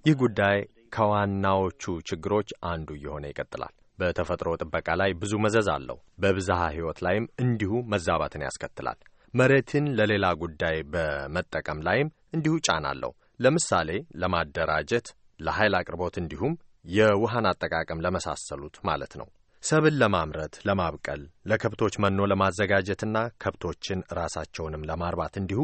ይህ ጉዳይ ከዋናዎቹ ችግሮች አንዱ እየሆነ ይቀጥላል። በተፈጥሮ ጥበቃ ላይ ብዙ መዘዝ አለው። በብዝሃ ሕይወት ላይም እንዲሁ መዛባትን ያስከትላል። መሬትን ለሌላ ጉዳይ በመጠቀም ላይም እንዲሁ ጫና አለው። ለምሳሌ ለማደራጀት፣ ለኃይል አቅርቦት እንዲሁም የውሃን አጠቃቀም ለመሳሰሉት ማለት ነው። ሰብል ለማምረት ለማብቀል፣ ለከብቶች መኖ ለማዘጋጀትና ከብቶችን ራሳቸውንም ለማርባት እንዲሁ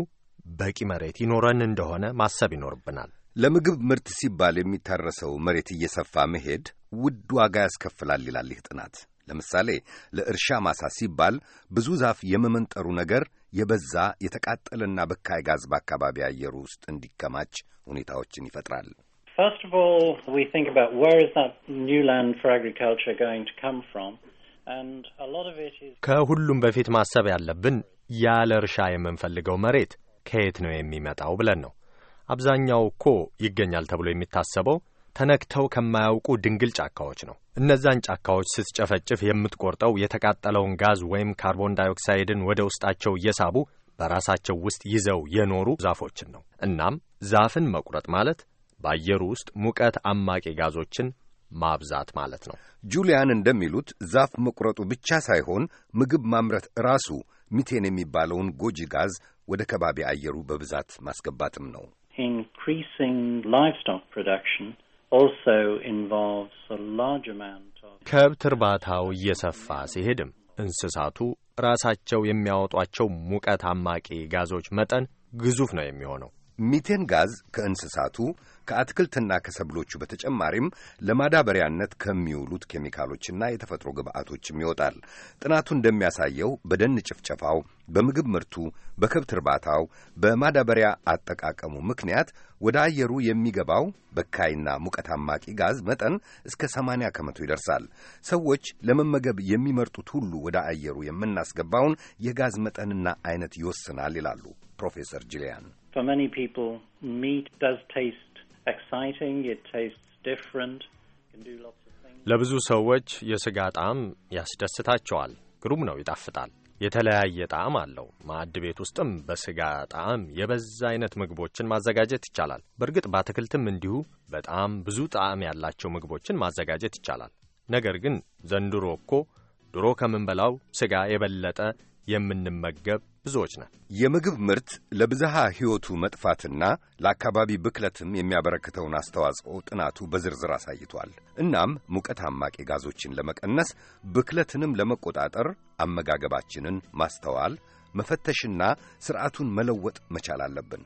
በቂ መሬት ይኖረን እንደሆነ ማሰብ ይኖርብናል። ለምግብ ምርት ሲባል የሚታረሰው መሬት እየሰፋ መሄድ ውድ ዋጋ ያስከፍላል ይላል ይህ ጥናት። ለምሳሌ ለእርሻ ማሳ ሲባል ብዙ ዛፍ የመመንጠሩ ነገር የበዛ የተቃጠለና በካይ ጋዝ በአካባቢ አየሩ ውስጥ እንዲከማች ሁኔታዎችን ይፈጥራል። First of all, we think about where is that new land for agriculture going to come from? And a lot of it is ከሁሉም በፊት ማሰብ ያለብን ያለ እርሻ የምንፈልገው መሬት ከየት ነው የሚመጣው ብለን ነው። አብዛኛው እኮ ይገኛል ተብሎ የሚታሰበው ተነክተው ከማያውቁ ድንግል ጫካዎች ነው። እነዛን ጫካዎች ስትጨፈጭፍ የምትቆርጠው የተቃጠለውን ጋዝ ወይም ካርቦን ዳይኦክሳይድን ወደ ውስጣቸው እየሳቡ በራሳቸው ውስጥ ይዘው የኖሩ ዛፎችን ነው። እናም ዛፍን መቁረጥ ማለት በአየሩ ውስጥ ሙቀት አማቂ ጋዞችን ማብዛት ማለት ነው። ጁሊያን እንደሚሉት ዛፍ መቁረጡ ብቻ ሳይሆን ምግብ ማምረት ራሱ ሚቴን የሚባለውን ጎጂ ጋዝ ወደ ከባቢ አየሩ በብዛት ማስገባትም ነው። ከብት እርባታው እየሰፋ ሲሄድም እንስሳቱ ራሳቸው የሚያወጧቸው ሙቀት አማቂ ጋዞች መጠን ግዙፍ ነው የሚሆነው። ሚቴን ጋዝ ከእንስሳቱ ከአትክልትና ከሰብሎቹ በተጨማሪም ለማዳበሪያነት ከሚውሉት ኬሚካሎችና የተፈጥሮ ግብዓቶችም ይወጣል። ጥናቱ እንደሚያሳየው በደን ጭፍጨፋው፣ በምግብ ምርቱ፣ በከብት እርባታው፣ በማዳበሪያ አጠቃቀሙ ምክንያት ወደ አየሩ የሚገባው በካይና ሙቀት አማቂ ጋዝ መጠን እስከ 80 ከመቶ ይደርሳል። ሰዎች ለመመገብ የሚመርጡት ሁሉ ወደ አየሩ የምናስገባውን የጋዝ መጠንና አይነት ይወስናል ይላሉ ፕሮፌሰር ጂሊያን። for many people, meat does taste exciting, it tastes different. ለብዙ ሰዎች የስጋ ጣዕም ያስደስታቸዋል። ግሩም ነው፣ ይጣፍጣል። የተለያየ ጣዕም አለው። ማዕድ ቤት ውስጥም በስጋ ጣዕም የበዛ አይነት ምግቦችን ማዘጋጀት ይቻላል። በእርግጥ በአትክልትም እንዲሁ በጣም ብዙ ጣዕም ያላቸው ምግቦችን ማዘጋጀት ይቻላል። ነገር ግን ዘንድሮ እኮ ድሮ ከምንበላው ስጋ የበለጠ የምንመገብ ብዙዎች ነን። የምግብ ምርት ለብዝሃ ሕይወቱ መጥፋትና ለአካባቢ ብክለትም የሚያበረክተውን አስተዋጽኦ ጥናቱ በዝርዝር አሳይቷል። እናም ሙቀት አማቂ ጋዞችን ለመቀነስ ብክለትንም ለመቆጣጠር አመጋገባችንን ማስተዋል መፈተሽና ሥርዓቱን መለወጥ መቻል አለብን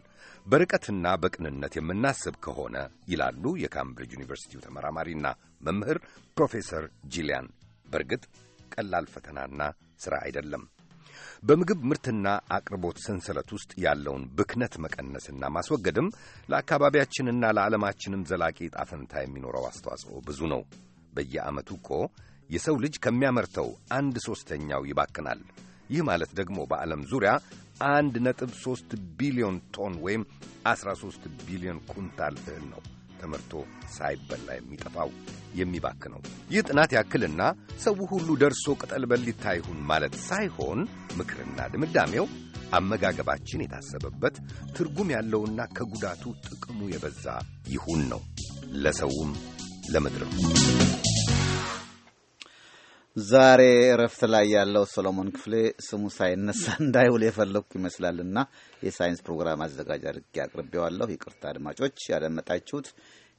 በርቀትና በቅንነት የምናስብ ከሆነ ይላሉ የካምብሪጅ ዩኒቨርሲቲው ተመራማሪና መምህር ፕሮፌሰር ጂሊያን። በእርግጥ ቀላል ፈተናና ሥራ አይደለም። በምግብ ምርትና አቅርቦት ሰንሰለት ውስጥ ያለውን ብክነት መቀነስና ማስወገድም ለአካባቢያችንና ለዓለማችንም ዘላቂ ጣፈንታ የሚኖረው አስተዋጽኦ ብዙ ነው። በየዓመቱ እኮ የሰው ልጅ ከሚያመርተው አንድ ሦስተኛው ይባክናል። ይህ ማለት ደግሞ በዓለም ዙሪያ አንድ ነጥብ ሦስት ቢሊዮን ቶን ወይም 13 ቢሊዮን ኩንታል እህል ነው። ተመርቶ ሳይበላ የሚጠፋው የሚባክ ነው። ይህ ጥናት ያክልና ሰው ሁሉ ደርሶ ቅጠል በሊታ ይሁን ማለት ሳይሆን ምክርና ድምዳሜው አመጋገባችን የታሰበበት ትርጉም ያለውና ከጉዳቱ ጥቅሙ የበዛ ይሁን ነው ለሰውም ለምድርም። ዛሬ እረፍት ላይ ያለው ሰሎሞን ክፍሌ ስሙ ሳይነሳ እንዳይውል የፈለግኩ ይመስላልና የሳይንስ ፕሮግራም አዘጋጅ አድርጌ አቅርቤዋለሁ። ይቅርታ አድማጮች። ያደመጣችሁት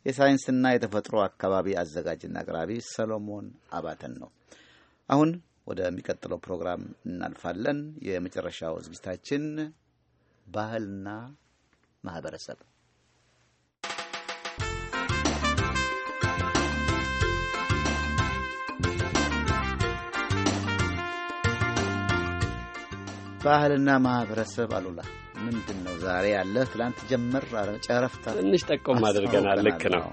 የሳይንስና የተፈጥሮ አካባቢ አዘጋጅና አቅራቢ ሰሎሞን አባተን ነው። አሁን ወደሚቀጥለው ፕሮግራም እናልፋለን። የመጨረሻው ዝግጅታችን ባህልና ማህበረሰብ ባህልና ማህበረሰብ አሉላ ምንድን ነው ዛሬ ያለ? ትላንት ጀመር ጨረፍታ ትንሽ ጠቆም አድርገናል። ልክ ነው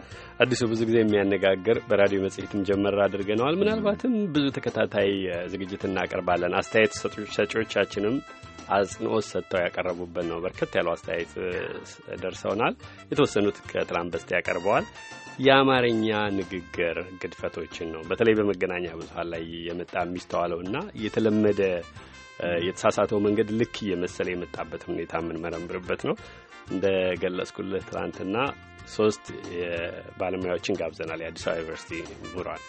አዲሱ ብዙ ጊዜ የሚያነጋግር በራዲዮ መጽሔትም ጀመር አድርገነዋል። ምናልባትም ብዙ ተከታታይ ዝግጅት እናቀርባለን። አስተያየት ሰጪዎቻችንም አጽንኦት ሰጥተው ያቀረቡበት ነው። በርከት ያለው አስተያየት ደርሰውናል። የተወሰኑት ከትላንት በስቲያ ያቀርበዋል። የአማርኛ ንግግር ግድፈቶችን ነው በተለይ በመገናኛ ብዙሀን ላይ የመጣ የሚስተዋለውና የተለመደ የተሳሳተው መንገድ ልክ እየመሰለ የመጣበት ሁኔታ የምንመረምርበት ነው። እንደ ገለጽኩልህ ትናንትና ሶስት ባለሙያዎችን ጋብዘናል። የአዲስ አበባ ዩኒቨርሲቲ ምሁራን፣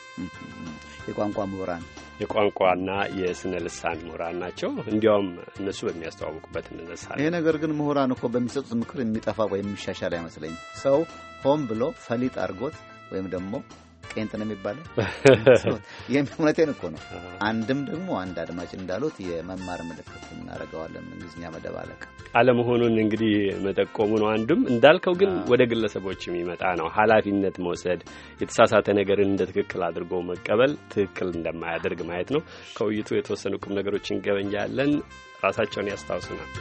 የቋንቋ ምሁራን፣ የቋንቋና የስነ ልሳን ምሁራን ናቸው። እንዲያውም እነሱ በሚያስተዋውቁበት እንነሳለን። ይሄ ነገር ግን ምሁራን እኮ በሚሰጡት ምክር የሚጠፋ ወይም የሚሻሻል አይመስለኝም። ሰው ሆን ብሎ ፈሊጥ አድርጎት ወይም ደግሞ ቄንጥ ነው የሚባለው። እውነቴን እኮ ነው። አንድም ደግሞ አንድ አድማጭ እንዳሉት የመማር ምልክት እናደርገዋለን እንግሊዝኛ መደባለቅ አለመሆኑን እንግዲህ መጠቆሙ ነው። አንዱም እንዳልከው ግን ወደ ግለሰቦች የሚመጣ ነው። ኃላፊነት መውሰድ፣ የተሳሳተ ነገርን እንደ ትክክል አድርጎ መቀበል ትክክል እንደማያደርግ ማየት ነው። ከውይይቱ የተወሰኑ ቁም ነገሮችን ገበኛለን። ራሳቸውን ያስታውሱናል።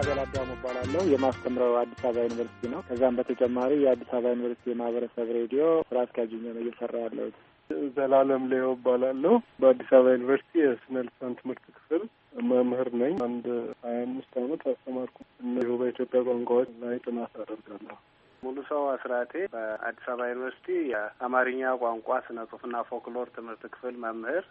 አበል አዳሙ እባላለሁ። የማስተምረው አዲስ አበባ ዩኒቨርሲቲ ነው። ከዛም በተጨማሪ የአዲስ አበባ ዩኒቨርሲቲ የማህበረሰብ ሬዲዮ ስራ አስኪያጅ ነው እየሰራ ያለሁት። ዘላለም ሌዮ እባላለሁ። በአዲስ አበባ ዩኒቨርሲቲ የስነ ልሳን ትምህርት ክፍል መምህር ነኝ። አንድ ሀያ አምስት አመት አስተማርኩ። እነዚሁ በኢትዮጵያ ቋንቋዎች ላይ ጥናት አደርጋለሁ። ሙሉ ሰው አስራቴ በአዲስ አበባ ዩኒቨርሲቲ የአማርኛ ቋንቋ ስነ ጽሁፍና ፎክሎር ትምህርት ክፍል መምህር፣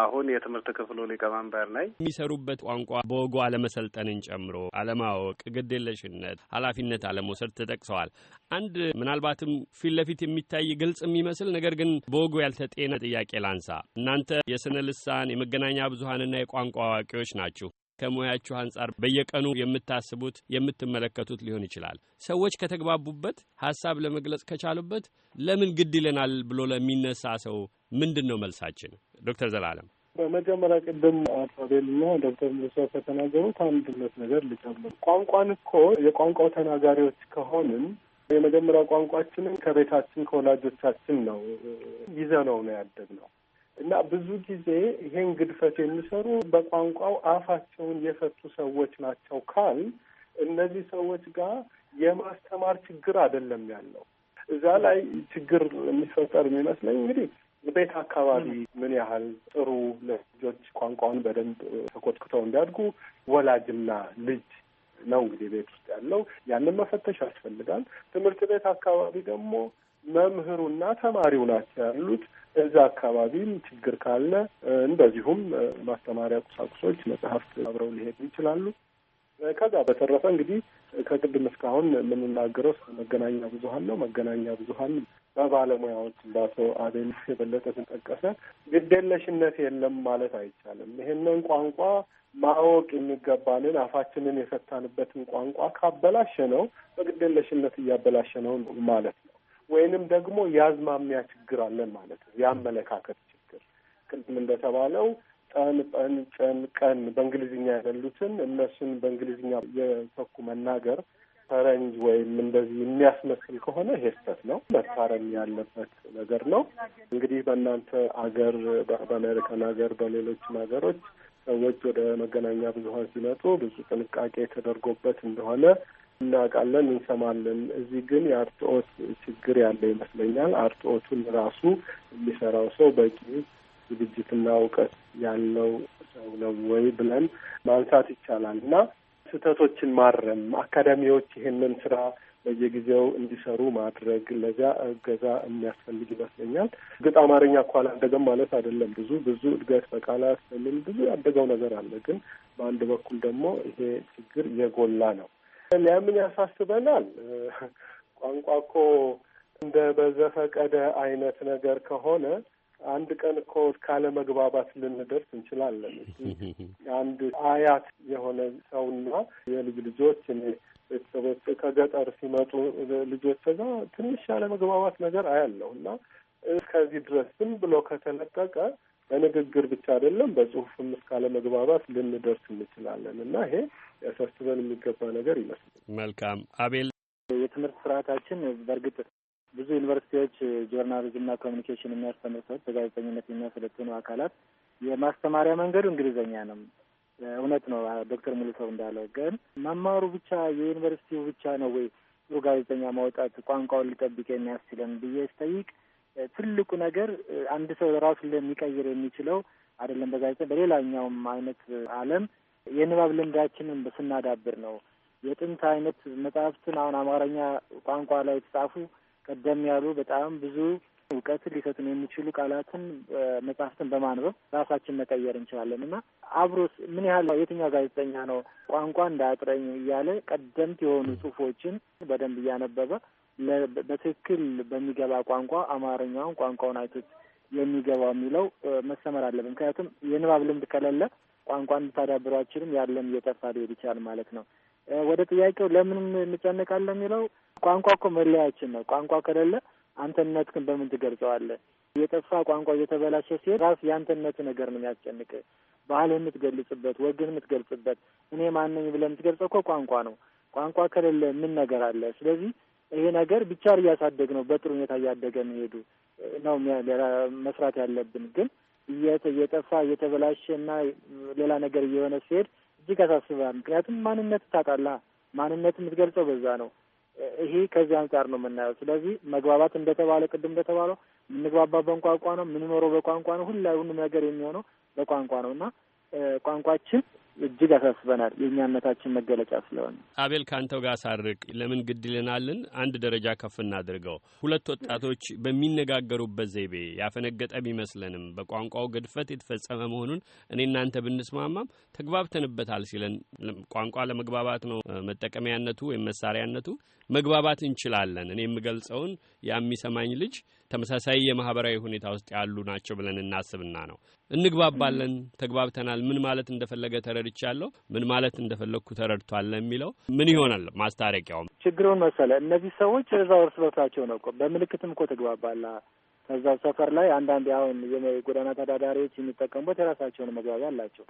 አሁን የትምህርት ክፍሉ ሊቀመንበር ነኝ። የሚሰሩበት ቋንቋ በወጉ አለመሰልጠንን ጨምሮ አለማወቅ፣ ግዴለሽነት፣ ኃላፊነት አለመውሰድ ተጠቅሰዋል። አንድ ምናልባትም ፊት ለፊት የሚታይ ግልጽ የሚመስል ነገር ግን በወጉ ያልተጤነ ጥያቄ ላንሳ። እናንተ የስነ ልሳን የመገናኛ ብዙሀንና የቋንቋ አዋቂዎች ናችሁ። ከሙያችሁ አንጻር በየቀኑ የምታስቡት የምትመለከቱት ሊሆን ይችላል። ሰዎች ከተግባቡበት፣ ሀሳብ ለመግለጽ ከቻሉበት ለምን ግድ ይለናል ብሎ ለሚነሳ ሰው ምንድን ነው መልሳችን? ዶክተር ዘላለም በመጀመሪያ ቅድም አቶ አቤልና ዶክተር ምሳ ከተናገሩት አንድነት ነገር ልጨምር። ቋንቋን እኮ የቋንቋው ተናጋሪዎች ከሆንም የመጀመሪያ ቋንቋችንን ከቤታችን ከወላጆቻችን ነው ይዘነው ነው ያደግነው እና ብዙ ጊዜ ይሄን ግድፈት የሚሰሩ በቋንቋው አፋቸውን የፈቱ ሰዎች ናቸው ካል እነዚህ ሰዎች ጋር የማስተማር ችግር አይደለም ያለው። እዛ ላይ ችግር የሚፈጠር የሚመስለኝ እንግዲህ ቤት አካባቢ ምን ያህል ጥሩ ለልጆች ቋንቋውን በደንብ ተኮትኩተው እንዲያድጉ ወላጅና ልጅ ነው እንግዲህ ቤት ውስጥ ያለው ያንን መፈተሽ ያስፈልጋል። ትምህርት ቤት አካባቢ ደግሞ መምህሩና ተማሪው ናቸው ያሉት። እዛ አካባቢም ችግር ካለ እንደዚሁም ማስተማሪያ ቁሳቁሶች፣ መጽሐፍት አብረው ሊሄዱ ይችላሉ። ከዛ በተረፈ እንግዲህ ከቅድም እስካሁን የምንናገረው መገናኛ ብዙኃን ነው። መገናኛ ብዙኃን በባለሙያዎች እንዳቶ አቤል የበለጠ ተጠቀሰ ግዴለሽነት የለም ማለት አይቻልም። ይሄንን ቋንቋ ማወቅ የሚገባንን አፋችንን የፈታንበትን ቋንቋ ካበላሸ ነው በግዴለሽነት እያበላሸ ነው ማለት ነው። ወይንም ደግሞ ያዝማሚያ ችግር አለን ማለት ነው። የአመለካከት ችግር ቅድም እንደተባለው ጠን ጠን ጨን ቀን በእንግሊዝኛ ያደሉትን እነሱን በእንግሊዝኛ የተኩ መናገር ፈረንጅ ወይም እንደዚህ የሚያስመስል ከሆነ ይሄ ስህተት ነው፣ መታረም ያለበት ነገር ነው። እንግዲህ በእናንተ አገር፣ በአሜሪካን ሀገር፣ በሌሎችም ሀገሮች ሰዎች ወደ መገናኛ ብዙኃን ሲመጡ ብዙ ጥንቃቄ ተደርጎበት እንደሆነ እናውቃለን፣ እንሰማለን። እዚህ ግን የአርትኦት ችግር ያለ ይመስለኛል። አርትኦቱን ራሱ የሚሰራው ሰው በቂ ዝግጅትና እውቀት ያለው ሰው ነው ወይ ብለን ማንሳት ይቻላል እና ስህተቶችን ማረም፣ አካዳሚዎች ይህንን ስራ በየጊዜው እንዲሰሩ ማድረግ ለዚያ እገዛ የሚያስፈልግ ይመስለኛል። እርግጥ አማርኛ እኮ አላደገም ማለት አይደለም። ብዙ ብዙ እድገት በቃላት በምን ብዙ ያደገው ነገር አለ። ግን በአንድ በኩል ደግሞ ይሄ ችግር የጎላ ነው። ሊያምን ያሳስበናል። ቋንቋ እኮ እንደ በዘፈቀደ አይነት ነገር ከሆነ አንድ ቀን እኮ ካለ መግባባት ልንደርስ እንችላለን። አንድ አያት የሆነ ሰውና የልጅ ልጆች ቤተሰቦች ከገጠር ሲመጡ ልጆች ከዛ ትንሽ ያለ መግባባት ነገር አያለሁ እና እስከዚህ ድረስ ዝም ብሎ ከተለቀቀ በንግግር ብቻ አይደለም በጽሁፍም እስካለ መግባባት ልንደርስ እንችላለን እና ይሄ ያሳስበን የሚገባ ነገር ይመስላል። መልካም አቤል። የትምህርት ስርዓታችን በእርግጥ ብዙ ዩኒቨርሲቲዎች ና ኮሚኒኬሽን የሚያስተምሩ ሰዎች በጋዜጠኝነት የሚያሰለጥኑ አካላት የማስተማሪያ መንገዱ እንግሊዝኛ ነው። እውነት ነው ዶክተር ሙሉ ሰው እንዳለው። ግን መማሩ ብቻ የዩኒቨርሲቲው ብቻ ነው ወይ ጥሩ ጋዜጠኛ ማውጣት ቋንቋውን ሊጠብቅ የሚያስችለን ብዬ ስጠይቅ ትልቁ ነገር አንድ ሰው ራሱ ሊቀይር የሚችለው አይደለም በጋዜጠ በሌላኛውም አይነት ዓለም የንባብ ልምዳችንን ስናዳብር ነው። የጥንት አይነት መጽሐፍትን አሁን አማርኛ ቋንቋ ላይ የተጻፉ ቀደም ያሉ በጣም ብዙ እውቀት ሊሰጡን የሚችሉ ቃላትን መጽሐፍትን በማንበብ ራሳችን መቀየር እንችላለን እና አብሮስ ምን ያህል የትኛው ጋዜጠኛ ነው ቋንቋ እንዳያጥረኝ እያለ ቀደምት የሆኑ ጽሁፎችን በደንብ እያነበበ በትክክል በሚገባ ቋንቋ አማርኛውን ቋንቋውን አይቶት የሚገባው የሚለው መሰመር አለብን። ምክንያቱም የንባብ ልምድ ከሌለ ቋንቋ እንድታዳብሯችንም ያለን እየጠፋ ሊሄድ ይችላል ማለት ነው። ወደ ጥያቄው ለምን እንጨንቃለን የሚለው ቋንቋ እኮ መለያችን ነው። ቋንቋ ከሌለ አንተነትህን በምን ትገልጸዋለህ? የጠፋ ቋንቋ እየተበላሸ ሲሄድ ራስ የአንተነት ነገር ነው የሚያስጨንቅ። ባህል የምትገልጽበት፣ ወግ የምትገልጽበት፣ እኔ ማነኝ ብለህ የምትገልጸው እኮ ቋንቋ ነው። ቋንቋ ከሌለ ምን ነገር አለ? ስለዚህ ይሄ ነገር ብቻ እያሳደግ ነው በጥሩ ሁኔታ እያደገ መሄዱ ነው መስራት ያለብን። ግን እየጠፋ እየተበላሸ እና ሌላ ነገር እየሆነ ሲሄድ እጅግ አሳስባል። ምክንያቱም ማንነት ታጣላ ማንነት የምትገልጸው በዛ ነው። ይሄ ከዚህ አንጻር ነው የምናየው። ስለዚህ መግባባት እንደተባለ ቅድም እንደተባለው የምንግባባ ቋንቋ ነው የምንኖረው በቋንቋ ነው። ሁላ ሁሉም ነገር የሚሆነው በቋንቋ ነው እና ቋንቋችን እጅግ አሳስበናል። የእኛነታችን መገለጫ ስለሆነ አቤል ካንተው ጋር ሳርቅ ለምን ግድ ይለናልን? አንድ ደረጃ ከፍ እናድርገው። ሁለት ወጣቶች በሚነጋገሩበት ዘይቤ ያፈነገጠ ቢመስለንም በቋንቋው ግድፈት የተፈጸመ መሆኑን እኔ እናንተ ብንስማማም ተግባብተንበታል ሲለን ቋንቋ ለመግባባት ነው መጠቀሚያነቱ ወይም መሳሪያነቱ መግባባት እንችላለን። እኔ የምገልጸውን የሚሰማኝ ልጅ ተመሳሳይ የማህበራዊ ሁኔታ ውስጥ ያሉ ናቸው ብለን እናስብና ነው እንግባባለን። ተግባብተናል፣ ምን ማለት እንደፈለገ ተረድቻለሁ፣ ምን ማለት እንደፈለግኩ ተረድቷል የሚለው ምን ይሆናል ማስታረቂያው? ችግሩን መሰለ እነዚህ ሰዎች እዛው እርስ በርሳቸው ነው እኮ በምልክትም እኮ ተግባባላ። ከዛ ሰፈር ላይ አንዳንድ አሁን የጎዳና ተዳዳሪዎች የሚጠቀሙበት የራሳቸውን መግባቢያ አላቸው።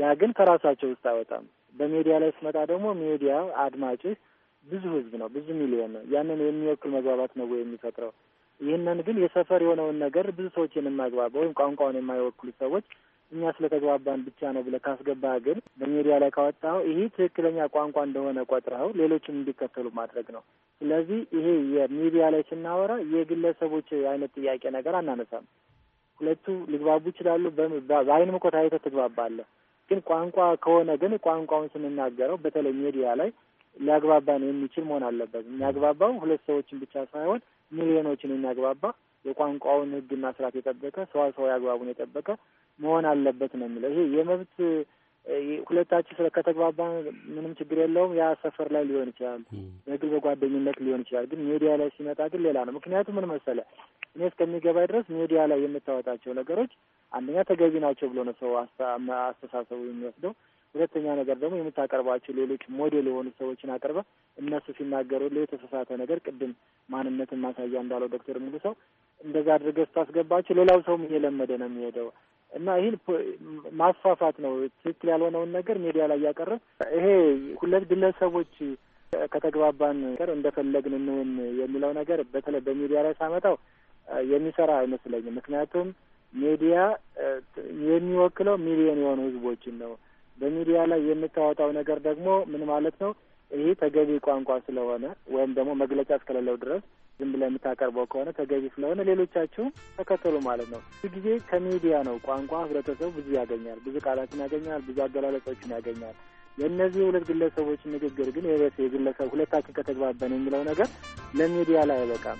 ያ ግን ከራሳቸው ውስጥ አይወጣም። በሚዲያ ላይ ስመጣ ደግሞ ሚዲያ አድማጭህ ብዙ ህዝብ ነው፣ ብዙ ሚሊዮን ነው። ያንን የሚወክል መግባባት ነው ወይ የሚፈጥረው? ይህንን ግን የሰፈር የሆነውን ነገር ብዙ ሰዎች የማግባባ ወይም ቋንቋውን የማይወክሉ ሰዎች እኛ ስለተግባባን ብቻ ነው ብለህ ካስገባ ግን በሚዲያ ላይ ካወጣኸው ይሄ ትክክለኛ ቋንቋ እንደሆነ ቆጥረኸው ሌሎችም እንዲከተሉ ማድረግ ነው። ስለዚህ ይሄ የሚዲያ ላይ ስናወራ የግለሰቦች አይነት ጥያቄ ነገር አናነሳም። ሁለቱ ሊግባቡ ይችላሉ። በአይንም እኮ ታይተህ ትግባባለህ። ግን ቋንቋ ከሆነ ግን ቋንቋውን ስንናገረው በተለይ ሚዲያ ላይ ሊያግባባን የሚችል መሆን አለበት። የሚያግባባው ሁለት ሰዎችን ብቻ ሳይሆን ሚሊዮኖችን የሚያግባባ የቋንቋውን ህግና ስርዓት የጠበቀ ሰዋሰዋዊ አግባቡን የጠበቀ መሆን አለበት ነው የሚለው። ይሄ የመብት ሁለታችን ስለ ከተግባባ ምንም ችግር የለውም። ያ ሰፈር ላይ ሊሆን ይችላል፣ በግል በጓደኝነት ሊሆን ይችላል። ግን ሚዲያ ላይ ሲመጣ ግን ሌላ ነው። ምክንያቱም ምን መሰለ፣ እኔ እስከሚገባ ድረስ ሚዲያ ላይ የምታወጣቸው ነገሮች አንደኛ ተገቢ ናቸው ብሎ ነው ሰው አስተሳሰቡ የሚወስደው። ሁለተኛ ነገር ደግሞ የምታቀርባቸው ሌሎች ሞዴል የሆኑ ሰዎችን አቅርበ እነሱ ሲናገሩ የተሳሳተ ነገር ቅድም ማንነትን ማሳያ እንዳለው ዶክተር ሙሉ ሰው እንደዛ አድርገ ስታስገባቸው ሌላው ሰውም እየለመደ ነው የሚሄደው እና ይህን ማስፋፋት ነው። ትክክል ያልሆነውን ነገር ሚዲያ ላይ እያቀረብ ይሄ ሁለት ግለሰቦች ከተግባባን ቀር እንደፈለግን እንሆን የሚለው ነገር በተለይ በሚዲያ ላይ ሳመጣው የሚሰራ አይመስለኝም። ምክንያቱም ሚዲያ የሚወክለው ሚሊዮን የሆኑ ህዝቦችን ነው። በሚዲያ ላይ የምታወጣው ነገር ደግሞ ምን ማለት ነው? ይሄ ተገቢ ቋንቋ ስለሆነ ወይም ደግሞ መግለጫ እስከሌለው ድረስ ዝም ብለህ የምታቀርበው ከሆነ ተገቢ ስለሆነ ሌሎቻችሁም ተከተሉ ማለት ነው። ብዙ ጊዜ ከሚዲያ ነው ቋንቋ ህብረተሰቡ ብዙ ያገኛል፣ ብዙ ቃላትን ያገኛል፣ ብዙ አገላለጾችን ያገኛል። የእነዚህ ሁለት ግለሰቦች ንግግር ግን የበስ የግለሰብ ሁለታችን ከተግባበን የሚለው ነገር ለሚዲያ ላይ አይበቃም።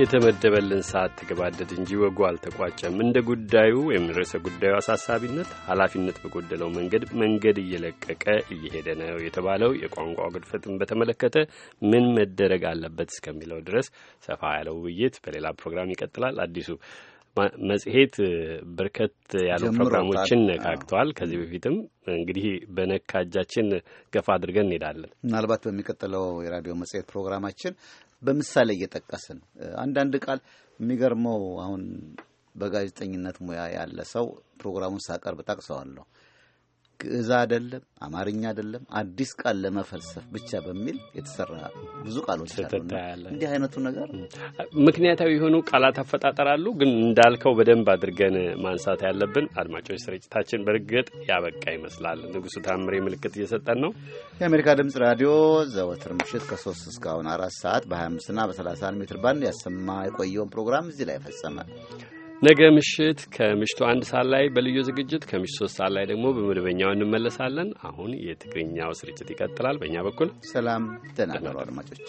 የተመደበልን ሰዓት ተገባደድ እንጂ ወጉ አልተቋጨም። እንደ ጉዳዩ ወይም ርዕሰ ጉዳዩ አሳሳቢነት ኃላፊነት በጎደለው መንገድ መንገድ እየለቀቀ እየሄደ ነው የተባለው የቋንቋ ግድፈትን በተመለከተ ምን መደረግ አለበት እስከሚለው ድረስ ሰፋ ያለው ውይይት በሌላ ፕሮግራም ይቀጥላል። አዲሱ መጽሔት በርከት ያሉ ፕሮግራሞችን ነካክተዋል። ከዚህ በፊትም እንግዲህ በነካ እጃችን ገፋ አድርገን እንሄዳለን። ምናልባት በሚቀጥለው የራዲዮ መጽሔት ፕሮግራማችን በምሳሌ እየጠቀስን አንዳንድ ቃል የሚገርመው አሁን በጋዜጠኝነት ሙያ ያለ ሰው ፕሮግራሙን ሳቀርብ ጠቅሰዋለሁ። ግዕዝ አይደለም፣ አማርኛ አይደለም፣ አዲስ ቃል ለመፈልሰፍ ብቻ በሚል የተሰራ ብዙ ቃሎች አሉ። እንዲህ አይነቱ ነገር ምክንያታዊ የሆኑ ቃላት አፈጣጠር አሉ። ግን እንዳልከው በደንብ አድርገን ማንሳት ያለብን አድማጮች፣ ስርጭታችን በእርግጥ ያበቃ ይመስላል። ንጉሱ ታምሬ ምልክት እየሰጠን ነው። የአሜሪካ ድምጽ ራዲዮ ዘወትር ምሽት ከሶስት እስካሁን አራት ሰዓት በ25ና በ31 ሜትር ባንድ ያሰማ የቆየውን ፕሮግራም እዚህ ላይ ፈጸመ። ነገ ምሽት ከምሽቱ አንድ ሰዓት ላይ በልዩ ዝግጅት ከምሽቱ ሶስት ሰዓት ላይ ደግሞ በመደበኛው እንመለሳለን። አሁን የትግርኛው ስርጭት ይቀጥላል። በእኛ በኩል ሰላም፣ ደህና አድማጮች።